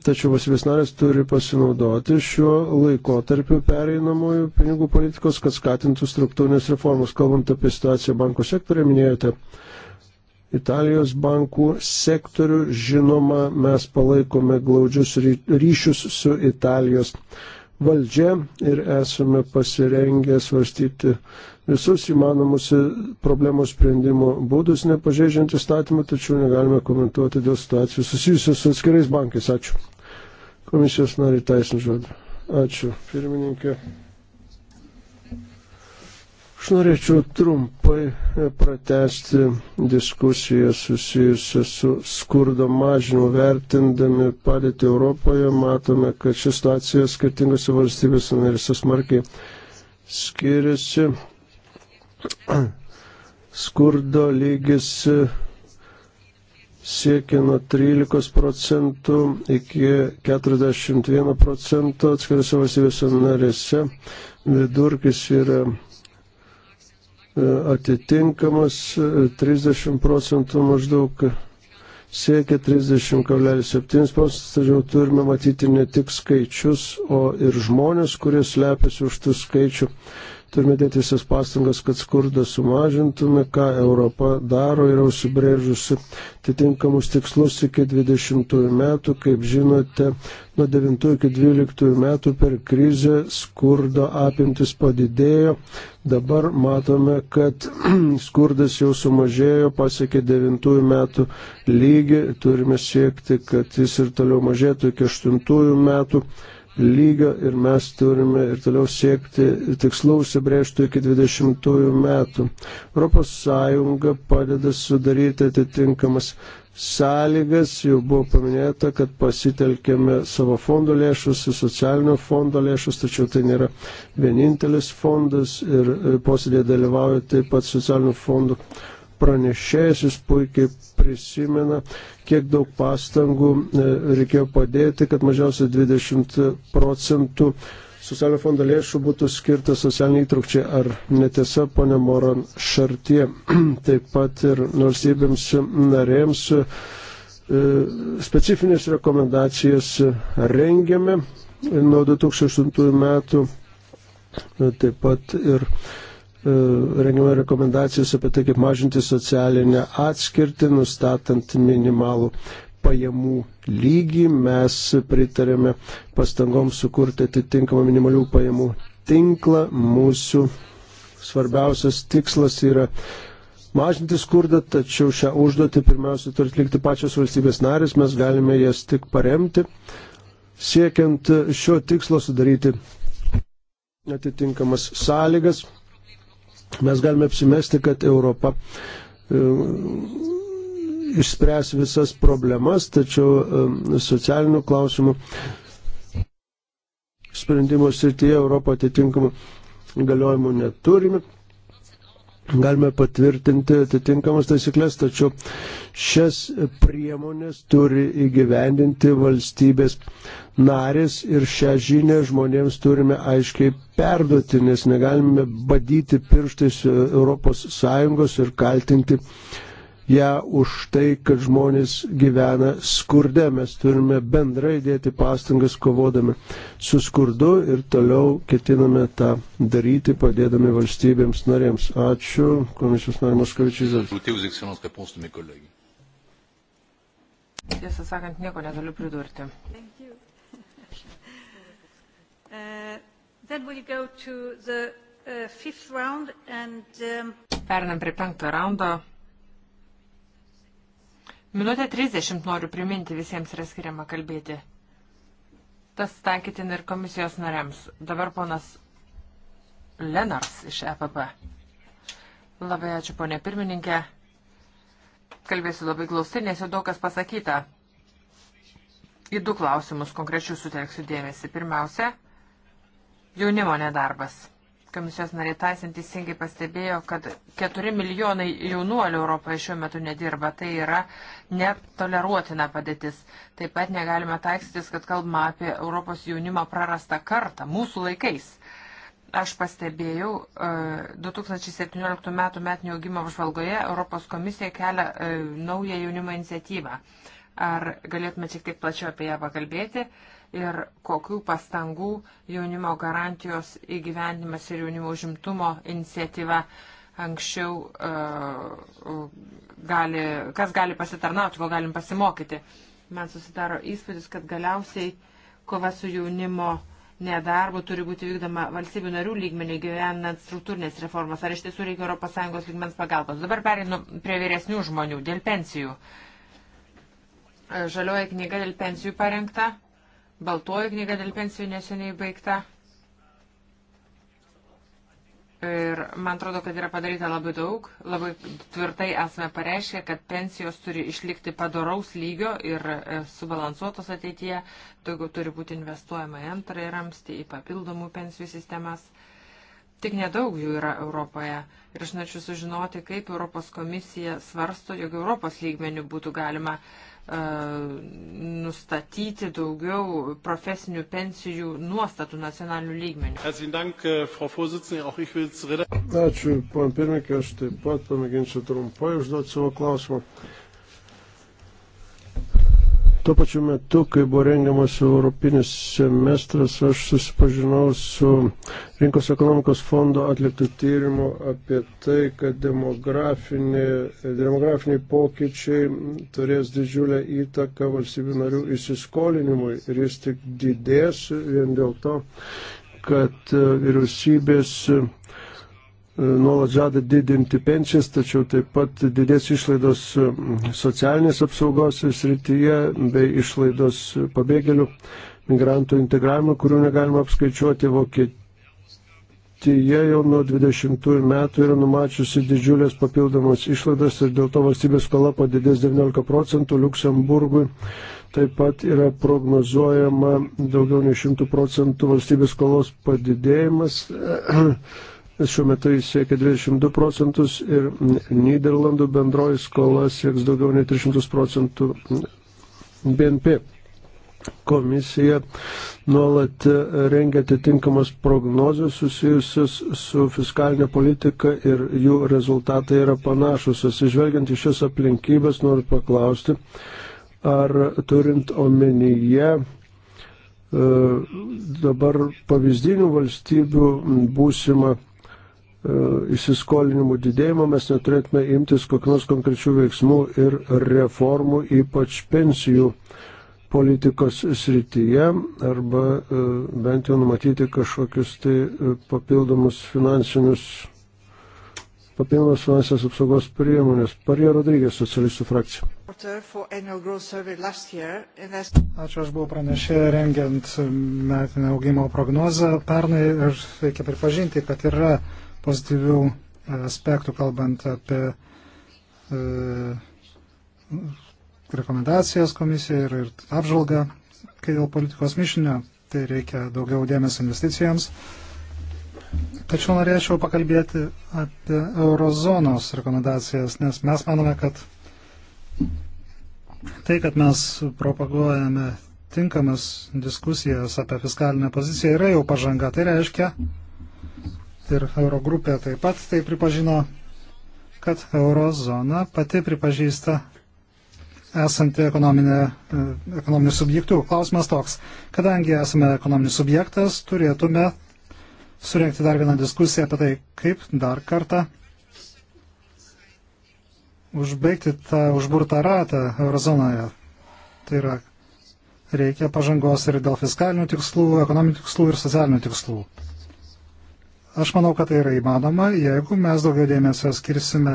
Tačiau valstybės narės turi pasinaudoti šiuo laikotarpiu pereinamojų pinigų politikos, kad skatintų struktūrinės reformos. Kalbant apie situaciją bankų sektorė, minėjote Italijos bankų sektorių. Žinoma, mes palaikome glaudžius ryšius su Italijos valdžia ir esame pasirengę svarstyti visus įmanomus problemos sprendimo būdus, nepažeidžiant įstatymą, tačiau negalime komentuoti dėl situacijų susijusios su atskirais bankais. Ačiū. Komisijos nariai teisin žodį. Ačiū, pirmininkė. Aš norėčiau trumpai e, pratesti diskusiją susijusią su skurdo mažinimu. Vertindami padėtį Europoje, matome, kad ši situacija skirtingose valstybėse narėse smarkiai skiriasi. Skurdo lygis e, siekia nuo 13 procentų iki 41 procento atskirose valstybėse narėse. Vidurkis yra e, atitinkamas 30 e, procentų maždaug siekia 30,7 procentus, tačiau turime matyti ne tik skaičius, o ir žmonės, kurie slepiasi už tų skaičių. Turime dėti visas pastangas, kad skurdą sumažintume, ką Europa daro, yra užsibrėžusi atitinkamus tikslus iki 20 metų. Kaip žinote, nuo 9 iki 12 metų per krizę skurdo apimtis padidėjo. Dabar matome, kad skurdas jau sumažėjo, pasiekė 9 metų lygį. Turime siekti, kad jis ir toliau mažėtų iki 8 metų lygio ir mes turime ir toliau siekti tikslų užsibrėžtų iki 20 metų. ES padeda sudaryti atitinkamas sąlygas, jau buvo paminėta, kad pasitelkėme savo fondo lėšus, socialinio fondo lėšus, tačiau tai nėra vienintelis fondas ir posėdėje dalyvauja taip pat socialinių fondų pranešėjas, jis puikiai prisimena, kiek daug pastangų e, reikėjo padėti, kad mažiausiai 20 procentų socialinio fondo lėšų būtų skirta socialiniai trukčiai. Ar netiesa, ponė Moran Šartie, taip pat ir valstybėms narėms e, specifinės rekomendacijas rengiame nuo 2008 metų, e, taip pat ir E, rengiama rekomendacijos apie tai, kaip mažinti socialinę atskirtį, nustatant minimalų pajamų lygį. Mes pritarėme pastangoms sukurti atitinkamą minimalių pajamų tinklą. Mūsų svarbiausias tikslas yra mažinti skurdą, tačiau šią užduotį pirmiausia turi atlikti pačios valstybės narės, mes galime jas tik paremti, siekiant šio tikslo sudaryti atitinkamas sąlygas. Mes galime apsimesti, kad Europa e, išspręs visas problemas, tačiau e, socialinių klausimų sprendimo srityje Europo atitinkamų galiojimų neturime. Galime patvirtinti atitinkamas taisyklės, tačiau šias priemonės turi įgyvendinti valstybės narės ir šią žinę žmonėms turime aiškiai perduoti, nes negalime badyti pirštais ES ir kaltinti ją už tai, kad žmonės gyvena skurde. Mes turime bendrai dėti pastangas kovodami su skurdu ir toliau ketiname tą daryti, padėdami valstybėms narėms. Ačiū, komisijos narimas Kavičius. Tiesą sakant, nieko negaliu pridurti. Then we'll go to the uh, fifth round and... Um... Pernam prie penkto raundo. Minutę 30 noriu priminti visiems yra skiriama kalbėti. Tas taikytin ir komisijos nariams. Dabar ponas Lenars iš EPP. Labai ačiū, ponė pirmininkė. Kalbėsiu labai glaustai, nes jau daug kas pasakyta. Į du klausimus konkrečius sutelksiu dėmesį. Pirmiausia, Jaunimo nedarbas. Komisijos nariai Taisin teisingai pastebėjo, kad 4 milijonai jaunuolių Europoje šiuo metu nedirba. Tai yra netoleruotina padėtis. Taip pat negalime taikstytis, kad kalbama apie Europos jaunimo prarastą kartą mūsų laikais. Aš pastebėjau, 2017 e, m. metinio augimo apžvalgoje Europos komisija kelia e, naują jaunimo iniciatyvą. Ar galėtume šiek tiek plačiau apie ją pakalbėti? ir kokių pastangų jaunimo garantijos įgyvendimas ir jaunimo užimtumo iniciatyva anksčiau uh, gali, kas gali pasitarnauti, ko galim pasimokyti. Man susidaro įspūdis, kad galiausiai kova su jaunimo nedarbu turi būti vykdoma valstybių narių lygmenį gyvenant struktūrinės reformas, ar iš tiesų reikia ES lygmens pagalbos. Dabar perinu prie vyresnių žmonių dėl pensijų. Žalioja knyga dėl pensijų parengta. Baltoji knyga dėl pensijų neseniai baigta. Ir man atrodo, kad yra padaryta labai daug. Labai tvirtai esame pareiškę, kad pensijos turi išlikti padoraus lygio ir e, subalansuotos ateityje. Daugiau turi būti investuojama į antrąjį ramstį, į papildomų pensijų sistemas. Tik nedaug jų yra Europoje. Ir aš norėčiau sužinoti, kaip Europos komisija svarsto, jog Europos lygmenių būtų galima uh, nustatyti daugiau profesinių pensijų nuostatų nacionalinių lygmenių. Äh, Ačiū, pan pirmininkė, aš taip pat pamėginsiu trumpai užduoti savo klausimą. Tuo pačiu metu, kai buvo rengiamas Europinis semestras, aš susipažinau su Rinkos ekonomikos fondo atliktų tyrimų apie tai, kad demografiniai pokyčiai turės didžiulę įtaką valstybių narių įsiskolinimui ir jis tik didės vien dėl to, kad vyriausybės E, nuolat žada didinti pensijas, tačiau taip pat didės išlaidos e, socialinės apsaugos srityje bei išlaidos pabėgėlių migrantų integravimą, kurių negalima apskaičiuoti. Vokietija jau nuo 20 metų yra numačiusi didžiulės papildomos išlaidas ir dėl to valstybės skola padidės 19 procentų, Luksemburgui taip pat yra prognozuojama daugiau nei 100 procentų valstybės skolos padidėjimas. Šiuo metu jis siekia 22 procentus ir Niderlandų bendroji skola sieks daugiau nei 300 procentų BNP. Komisija nuolat rengia atitinkamas prognozes susijusias su fiskalinė politika ir jų rezultatai yra panašus. Atsižvelgiant į šias aplinkybės, noriu paklausti, ar turint omenyje e, dabar pavyzdinių valstybių būsimą E, įsiskolinimų didėjimo mes neturėtume imtis kokios konkrečių veiksmų ir reformų, ypač pensijų politikos srityje, arba e, bent jau numatyti kažkokius tai e, papildomus finansinius, papildomus finansinės apsaugos priemonės. Parija Rodrygės, socialistų frakcija. Ačiū, aš buvau pranešė rengiant metinę augimo prognozą pernai ir reikia pripažinti, kad yra pozityvių e, aspektų, kalbant apie e, rekomendacijas komisijai ir, ir apžvalgą, kai dėl politikos mišinio, tai reikia daugiau dėmesio investicijoms. Tačiau norėčiau pakalbėti apie eurozonos rekomendacijas, nes mes manome, kad tai, kad mes propaguojame tinkamas diskusijas apie fiskalinę poziciją, yra jau pažanga. Tai reiškia, ir Eurogrupė taip pat tai pripažino, kad eurozona pati pripažįsta esanti e, ekonominių subjektų. Klausimas toks, kadangi esame ekonominis subjektas, turėtume surenkti dar vieną diskusiją apie tai, kaip dar kartą užbaigti tą užburtą ratą eurozonoje. Tai yra, reikia pažangos ir dėl fiskalinių tikslų, ekonominių tikslų ir socialinių tikslų. Aš manau, kad tai yra įmanoma, jeigu mes daugiau dėmesio skirsime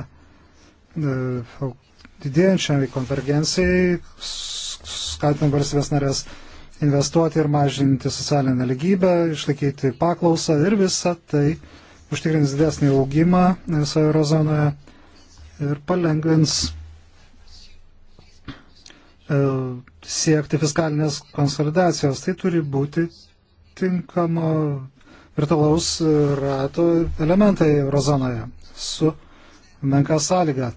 e, didėjančiai konvergencijai, skatinant valstybės narės investuoti ir mažinti socialinę lygybę, išlaikyti paklausą ir visą tai užtikrins didesnį augimą visoje eurozonoje ir palengvins e, siekti fiskalinės konsolidacijos. Tai turi būti tinkamo virtualaus rato elementai eurozonoje su menka sąlyga.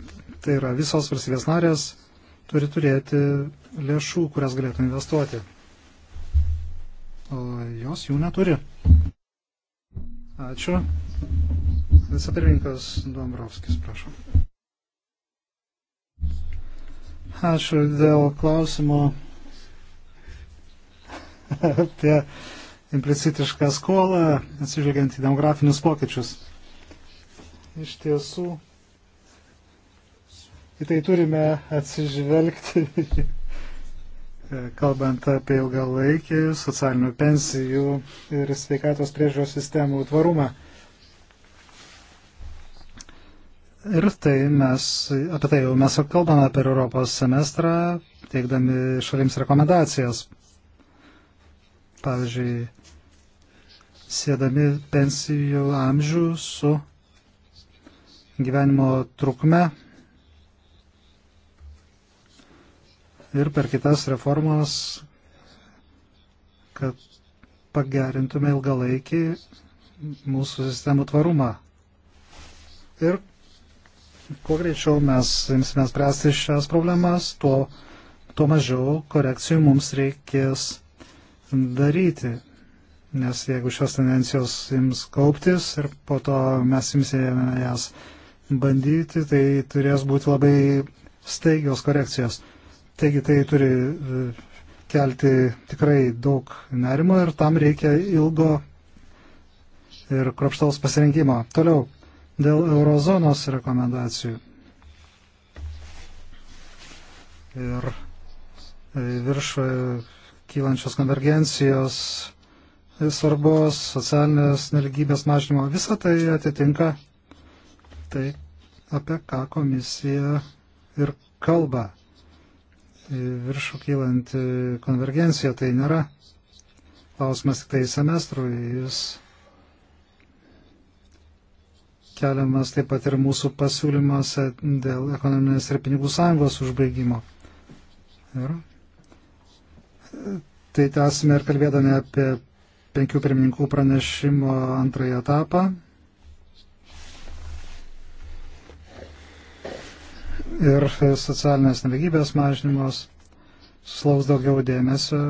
Tai yra visos valstybės narės turi turėti lėšų, kurias galėtų investuoti. O jos jų neturi. Ačiū. Vicepirmininkas Dombrovskis, prašom. Ačiū dėl klausimų apie implicitišką skolą, atsižvelgiant į demografinius pokyčius. Iš tiesų, į tai turime atsižvelgti, kalbant apie ilgalaikį socialinių pensijų ir sveikatos priežiūros sistemų tvarumą. Ir tai mes, apie tai jau mes kalbame per Europos semestrą, teikdami šalims rekomendacijas. Pavyzdžiui, sėdami pensijų amžių su gyvenimo trukme ir per kitas reformas, kad pagerintume ilgalaikį mūsų sistemų tvarumą. Ir kuo greičiau mes imsime spręsti šias problemas, tuo, tuo mažiau korekcijų mums reikės daryti nes jeigu šios tendencijos jums kauptis ir po to mes imsime jas bandyti, tai turės būti labai staigios korekcijos. Taigi tai turi e, kelti tikrai daug nerimo ir tam reikia ilgo ir kropštaus pasirinkimo. Toliau, dėl eurozonos rekomendacijų. Ir e, virš e, kylančios konvergencijos svarbos, socialinės neligybės mažinimo. Visą tai atitinka tai, apie ką komisija ir kalba. Viršų kylanti konvergencija tai nėra klausimas tik tai semestrui. Jis keliamas taip pat ir mūsų pasiūlymuose dėl ekonominės ir pinigų sąjungos užbaigimo. Ir tai tęsime ir kalbėdami apie penkių pirmininkų pranešimo antrąjį etapą. Ir socialinės nevygybės mažinimas suslaus daugiau dėmesio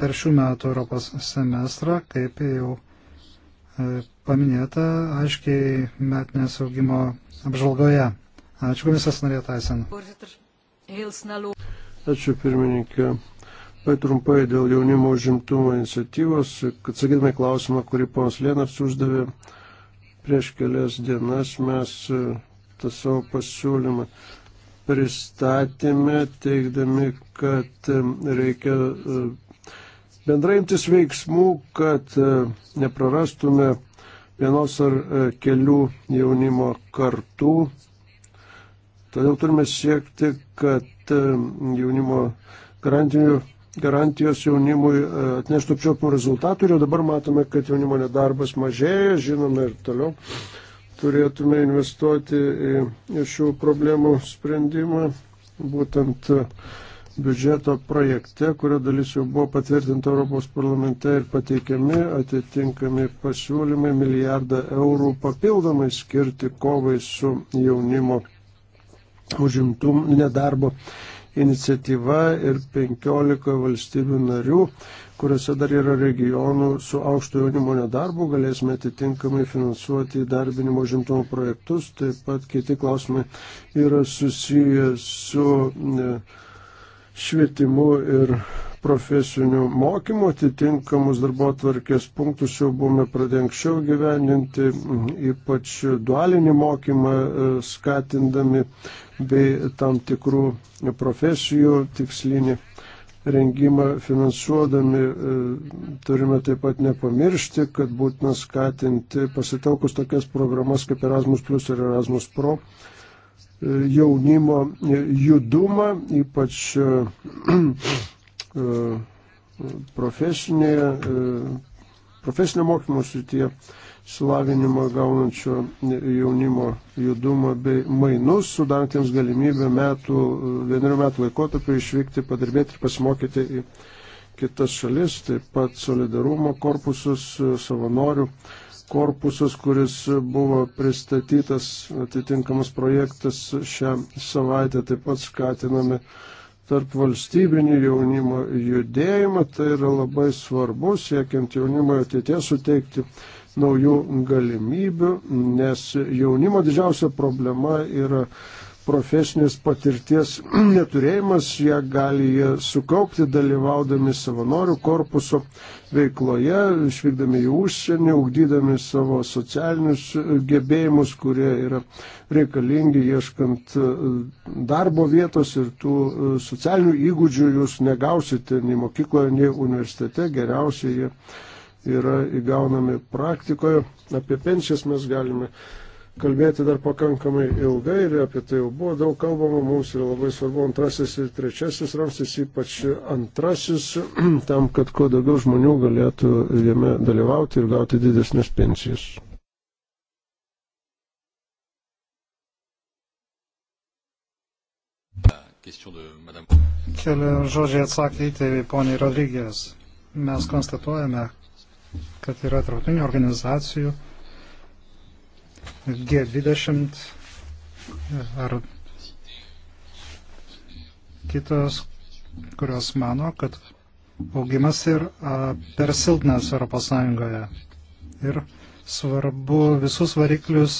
per šių metų Europos semestrą, kaip jau e, paminėta aiškiai metinės augimo apžvalgoje. Ačiū komisijos narė Taisen. Ačiū pirmininkė. Labai trumpai dėl jaunimo užimtumo iniciatyvos, kad sakytume klausimą, kurį ponas Lėnas uždavė prieš kelias dienas, mes e, tą savo pasiūlymą pristatėme, teikdami, kad e, reikia e, bendrai imtis veiksmų, kad neprarastume vienos ar kelių jaunimo kartų. Todėl turime siekti, kad jaunimo garantijų garantijos jaunimui e, atneštų apčiopimų rezultatų ir jau dabar matome, kad jaunimo nedarbas mažėja, žinome ir toliau. Turėtume investuoti į šių problemų sprendimą, būtent e, biudžeto projekte, kurio dalis jau buvo patvirtinta Europos parlamente ir pateikiami atitinkami pasiūlymai milijardą eurų papildomai skirti kovai su jaunimo užimtum nedarbo iniciatyva ir 15 valstybių narių, kuriuose dar yra regionų su aukšto jaunimo nedarbu, galėsime atitinkamai finansuoti įdarbinimo žimtumo projektus. Taip pat kiti klausimai yra susiję su e, švietimu ir profesinių mokymų atitinkamus darbo tvarkės punktus jau buvome pradėkščiau gyveninti, ypač dualinį mokymą e, skatindami bei tam tikrų profesijų tikslinį rengimą finansuodami. E, turime taip pat nepamiršti, kad būtina skatinti pasitelkus tokias programas kaip Erasmus Plus ir Erasmus Pro e, jaunimo judumą, ypač E, profesinėje, profesinio mokymo srityje slavinimą gaunančio jaunimo judumą bei mainus, sudantiems galimybę metų, vienerių metų laikotarpį išvykti, padirbėti ir pasimokyti į kitas šalis, taip pat solidarumo korpusus, savanorių korpusas, kuris buvo pristatytas, atitinkamas projektas šią savaitę, taip pat skatiname tarp valstybinį jaunimo judėjimą. Tai yra labai svarbu, siekiant jaunimo ateities suteikti naujų galimybių, nes jaunimo didžiausia problema yra profesinės patirties neturėjimas, ją gali jie sukaupti dalyvaudami savanorių korpuso veikloje, išvykdami į užsienį, ugdydami savo socialinius gebėjimus, kurie yra reikalingi ieškant e, darbo vietos ir tų e, socialinių įgūdžių jūs negausite nei mokykloje, nei universitete, geriausiai jie yra įgaunami praktikoje. Apie pensijas mes galime kalbėti dar pakankamai ilgai ir apie tai jau buvo daug kalbama, mums yra labai svarbu antrasis ir trečiasis ramstis, ypač antrasis, tam, kad kuo daugiau žmonių galėtų jame dalyvauti ir gauti didesnės pensijas. Keli žodžiai atsakyti poniai Rodrygės. Mes konstatuojame, kad yra trautinių organizacijų G20 ar kitos, kurios mano, kad augimas ir per silpnas ES. Ir svarbu visus variklius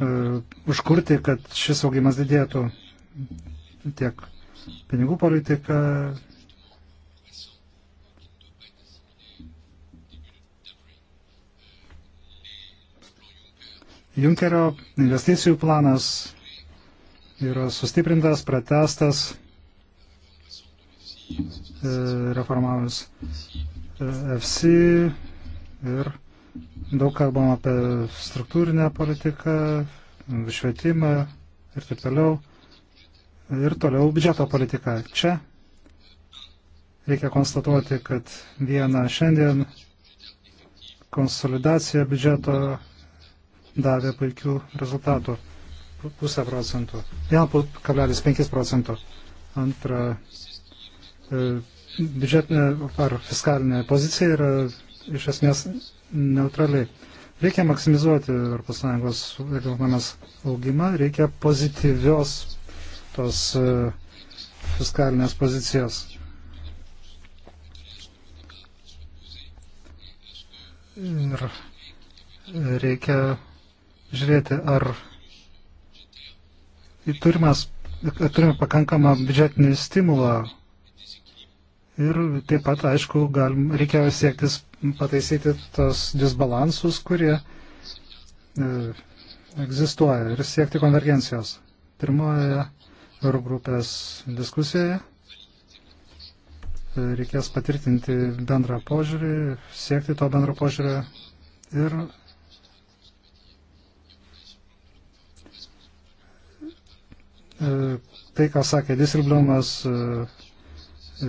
uh, užkurti, kad šis augimas didėtų tiek pinigų politika, Junkerio investicijų planas yra sustiprintas, pratestas, e, reformavus e, FC ir daug kalbam apie struktūrinę politiką, švietimą ir taip toliau. Ir toliau biudžeto politika. Čia reikia konstatuoti, kad viena šiandien konsolidacija biudžeto davė puikių rezultatų. Pusę procentų. 1,5 procento. Antra, e, biudžetinė ar fiskalinė pozicija yra iš esmės neutraliai. Reikia maksimizuoti ES ekonomės augimą, reikia pozityvios tos e, fiskalinės pozicijos. Ir reikia žiūrėti, ar turimas, turime pakankamą biudžetinį stimulą ir taip pat, aišku, galim, reikia siektis pataisyti tos disbalansus, kurie e, egzistuoja ir siekti konvergencijos. Pirmoje Eurogrupės diskusijoje e, reikės patvirtinti bendrą požiūrį, siekti to bendro požiūrio ir E, tai, ką sakė Disilbliumas, e, e,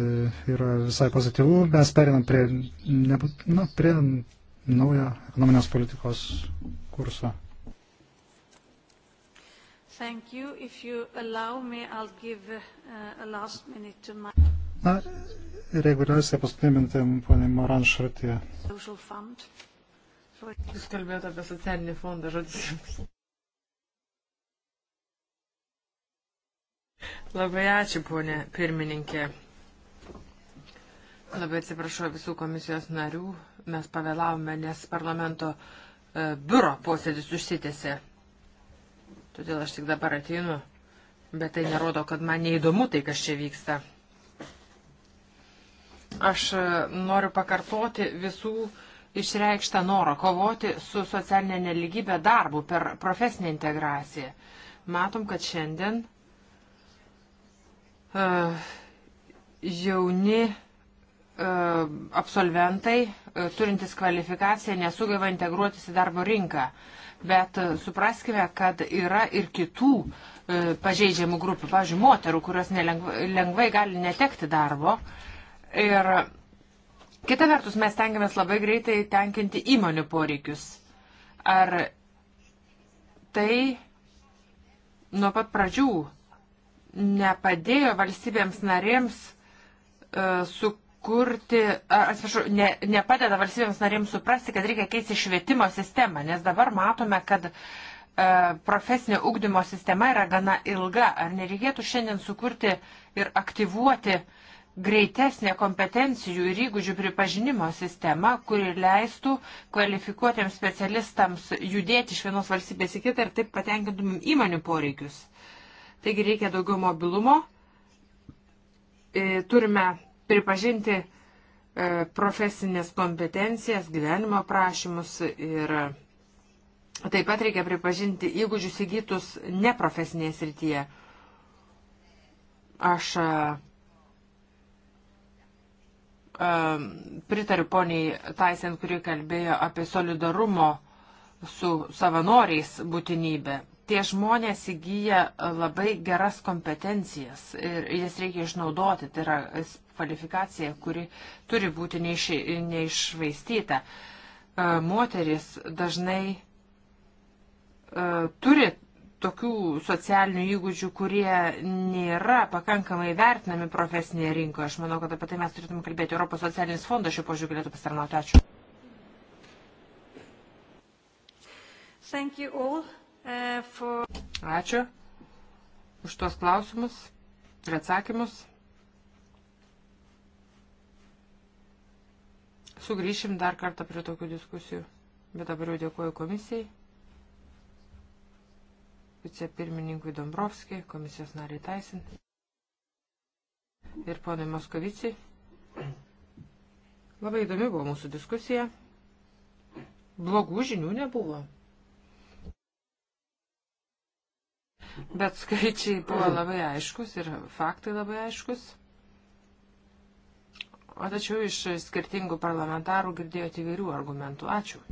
yra visai pozityvų. Mes perinam prie, ne, na, prie naujo ekonominės politikos kurso. Thank you. If you allow me, I'll give uh, a last minute to my... Na, ir jeigu leisite paskutinį mintį, ponė Moran Šartė. Jūs kalbėjote apie socialinį fondą, žodis jums. Labai ačiū, ponė pirmininkė. Labai atsiprašau visų komisijos narių. Mes pavėlavome, nes parlamento e, biuro posėdis užsitėse. Todėl aš tik dabar ateinu. Bet tai nerodo, kad man neįdomu tai, kas čia vyksta. Aš e, noriu pakartoti visų išreikštą norą kovoti su socialinė neligybė darbu per profesinę integraciją. Matom, kad šiandien jauni absolventai, turintys kvalifikaciją, nesugeba integruotis į darbo rinką. Bet supraskime, kad yra ir kitų pažeidžiamų grupių, pavyzdžiui, moterų, kurios nelengvai, lengvai gali netekti darbo. Ir kita vertus, mes tengiamės labai greitai tenkinti įmonių poreikius. Ar tai nuo pat pradžių nepadėjo valstybėms narėms e, sukurti, atsiprašau, ne, nepadeda valstybėms narėms suprasti, kad reikia keisti švietimo sistemą, nes dabar matome, kad e, profesinio ugdymo sistema yra gana ilga. Ar nereikėtų šiandien sukurti ir aktyvuoti greitesnė kompetencijų ir įgūdžių pripažinimo sistema, kuri leistų kvalifikuotiems specialistams judėti iš vienos valstybės į kitą ir taip patenkintumėm įmonių poreikius. Taigi reikia daugiau mobilumo. E, turime pripažinti e, profesinės kompetencijas, gyvenimo prašymus ir taip pat reikia pripažinti įgūdžius įgytus neprofesinėje srityje. Aš e, pritariu poniai Taisen, kuri kalbėjo apie solidarumo su savanoriais būtinybę tie žmonės įgyja labai geras kompetencijas ir jas reikia išnaudoti. Tai yra kvalifikacija, kuri turi būti neiš, neišvaistyta. E, moteris dažnai e, turi tokių socialinių įgūdžių, kurie nėra pakankamai vertinami profesinėje rinkoje. Aš manau, kad apie tai mes turėtume kalbėti. Europos socialinis fondas šiuo požiūriu galėtų pasitarnauti. Ačiū. Ačiū už tuos klausimus ir atsakymus. Sugryšim dar kartą prie tokių diskusijų, bet dabar jau dėkuoju komisijai, vicepirmininkui Dombrovskijai, komisijos nariai Taisin ir ponai Moskovicijai. Labai įdomi buvo mūsų diskusija. Blogų žinių nebuvo. bet skaičiai buvo labai aiškus ir faktai labai aiškus. O tačiau iš skirtingų parlamentarų girdėjote įvairių argumentų. Ačiū.